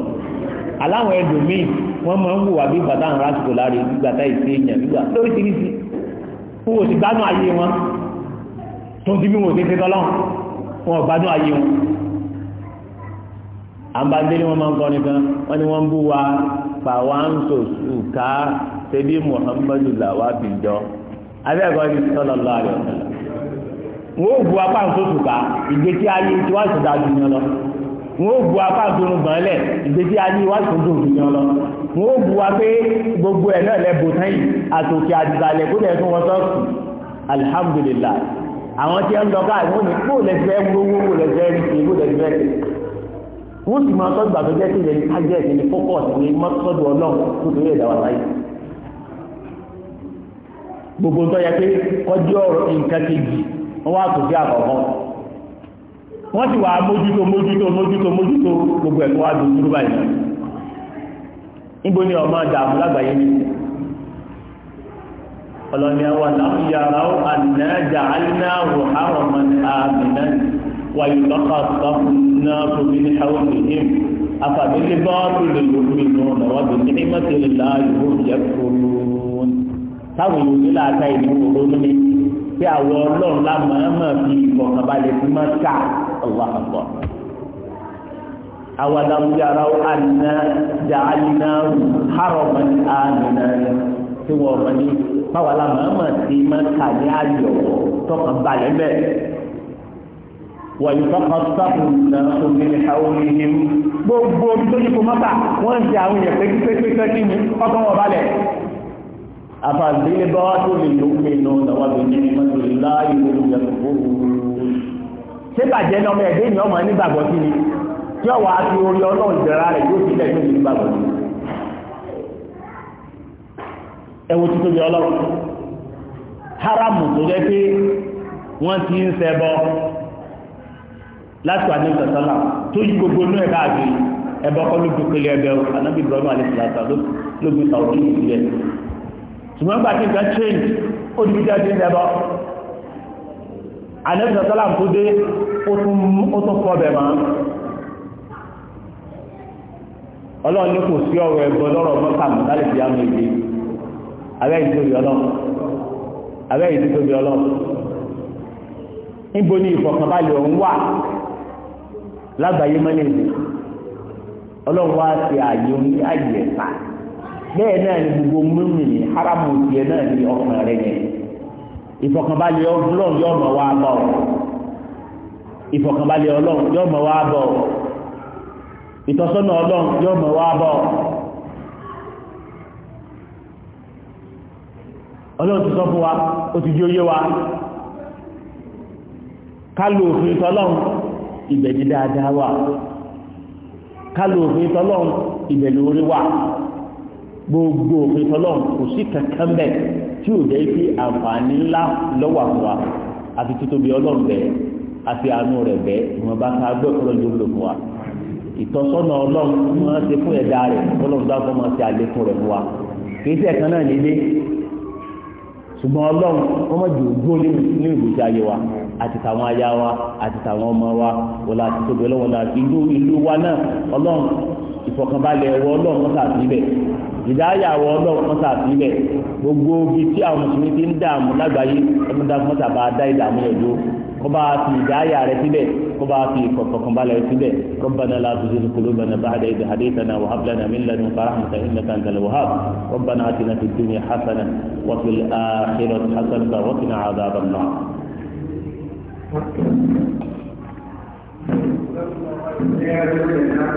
aláwọn ẹlòmíì wọ́n máa ń wò wá bí bàtà ń rásìkò láre gbàtà ìsé èèyàn gbígbà lóríṣiríṣi fún òsì gbádùn ayé wọn tó ń ti bí wọn ò tètè tọ́lọ́run wọn ò gbádùn ayé wọn àbájẹ́lé wọn máa ń kọ́ nìkan wọ́n ni wọ́n ń bú wa pa wá ń sòsù ká ṣe bí Muhammadu làwà bìjọ abẹ́ẹ̀kọ́ ni sallallahu alaihi wasallam wọ́n ó bu apá ntótù ká ìgbésí ayé tí wọ́n ti da ju yẹn lọ wọ́n ó bu apá ntótù gbọ́nlẹ̀ ìgbésí ayé wọ́n ti dùn ju yẹn lọ wọ́n ó bu wa pé gbogbo ẹ̀ náà lẹ́bù tán yìí àtòkè àdìsàlẹ̀ kó tẹ̀ fún wọn sọ́ọ̀sì alihamudulilayi àwọn tí ń lọ káàkiri wọn ni kó lẹ́sẹ̀ wọ́wọ́ wò lẹ́sẹ̀ rí ṣe kó lẹ́sẹ̀ rí wọ́n sì máa tọ́jú àtọ́jẹ́ gbogbo ń tọ́ pé kọjú ọ̀rọ̀ nǹkan kejì wọ́n wá tó sí àkọ́kọ́ wọ́n sì wá mójútó mójútó mójútó mójútó gbogbo ẹ̀ tó wá dojú rú báyìí níbo ni ọmọ dààmú lágbàáyé ni ọlọ́ni àwọn àdáhùn yàrá àná jàálínà wọ̀ àwọn ọmọ àmìnà wàyùbọ́kà sọ́kùnà tóbi ní àwọn ènìyàn afàbílẹ̀ bọ́ọ̀lù lè lórí inú ọ̀nà bí ní mọ́tẹ́lẹ̀ láàyò yẹ kúrò táwọn pé àwọn ọlọ́run lámàmà fi ìfọ̀kànbalẹ̀ fi máa ká ọ̀wá àpọ̀. àwọn adáwọ̀ yàrá àná dàálínà hárọ̀mọ́ ní àná tí wọ́n mọ̀ ní báwa lámàmà ti máa ká ní ayọ̀ tọkànbalẹ̀ bẹ́ẹ̀. wọ̀nyíkọ́kọ́ sáfù náà omi ní haúlihìm gbogbo omi tó yẹ kó mọ́ta wọ́n ń ṣe àwọn èèyàn pé ni ọkọ̀ wọn balẹ̀. أفالبات للمؤمنون وبنعمة الله هم يكفرون ṣé bàjẹ́ ní ọmọ ẹ̀dẹ́ ìyẹn ọmọ nígbàgbọ́ sí ni tí ọ̀wọ́ àti orí ọlọ́run jẹra rẹ̀ yóò sílẹ̀ tó nígbàgbọ́ sí ẹwọ tuntun bí ọlọ́run haramu tó jẹ́ pé wọ́n ti ń ṣẹbọ láti wà ní ìtọ̀sọ́là tó yí gbogbo inú ẹ̀ káàkiri ẹ̀bọ kọ́ ló gbé pélé ẹgbẹ́ o anábì ibrahim alayhi salatu ló gbé sàwọn ìlú ṣùgbọ́n gbà tí nǹkan train ó di bíjá tí ń tó dé ó tún fọ́ bẹ̀ máa ọlọ́run ní kò sí ọ̀rọ̀ ẹ̀gbọ́n lọ́rọ̀ mọ́ta mọ́tálẹ̀ fi àmì ìdí abẹ́ ìdítóbi ọlọ́run abẹ́ ìdítóbi ọlọ́run níbo ni ìfọ̀kànbalẹ̀ ọ̀hún wà lágbàáyé mọ́lẹ̀ ọlọ́run wá sí bẹ́ẹ̀ náà ni gbogbo mímì haramu tiẹ̀ náà ni ọkàn rẹ̀ yẹn ìfọkànbalẹ̀ ọlọ́run ọmọ wa bọ̀ ìfọkànbalẹ̀ ọlọ́run ọmọ wa bọ̀ ìtọ́sọ́nà ọlọ́run yọ ọmọ wa bọ̀ ọlọ́run ti sọ fún wa ó ti wa kálù òfin tọ́lọ́run ìbẹ̀ni dáadáa wà kálù òfin gbogbo òfin tọ́lọ́n kò sí kankan bẹ́ẹ̀ tí ò jẹ́ pé àǹfààní ńlá lọ́wọ́ àfúrà àti títóbi ọlọ́run bẹ́ẹ̀ àti àánú rẹ̀ bẹ́ẹ̀ ìwọ̀n bá ká gbọ́ ìkọlọ́ yóò lò fún wa ìtọ́sọ́nà ọlọ́run máa ń ṣe fún ẹ̀dá rẹ̀ ọlọ́run dáko máa ṣe àlékún rẹ̀ fún wa kìí ṣe ẹ̀kan náà nílé ṣùgbọ́n ọlọ́run wọ́n mọ̀ jù gbó nínú ìgbésí ayé wa àti tàwọn aya wa àti tàwọn ọmọ wa wọ́n la tóbi ọlọ́run la ìlú ìlú wa náà ọlọ́run ìfọ̀kànbalẹ̀ ẹ̀wọ̀ ọlọ́run kan sàbí bẹ̀ ìdáyà ẹ̀wọ̀ ọlọ́run kan sàbí bẹ̀ gbogbo ibi tí àwọn mùsùlùmí ti ń dààmú lágbàáyé ọmọdéwọn kan sàbá dá ìdààmú yẹn dúró kó bá fi ìdáyà rẹ síbẹ̀ kó fi ìfọ̀kànbalẹ̀ síbẹ̀ ربنا لا تزغ قلوبنا بعد إذ هديتنا وهب لنا من لدنك رحمة إنك أنت الوهاب ربنا آتنا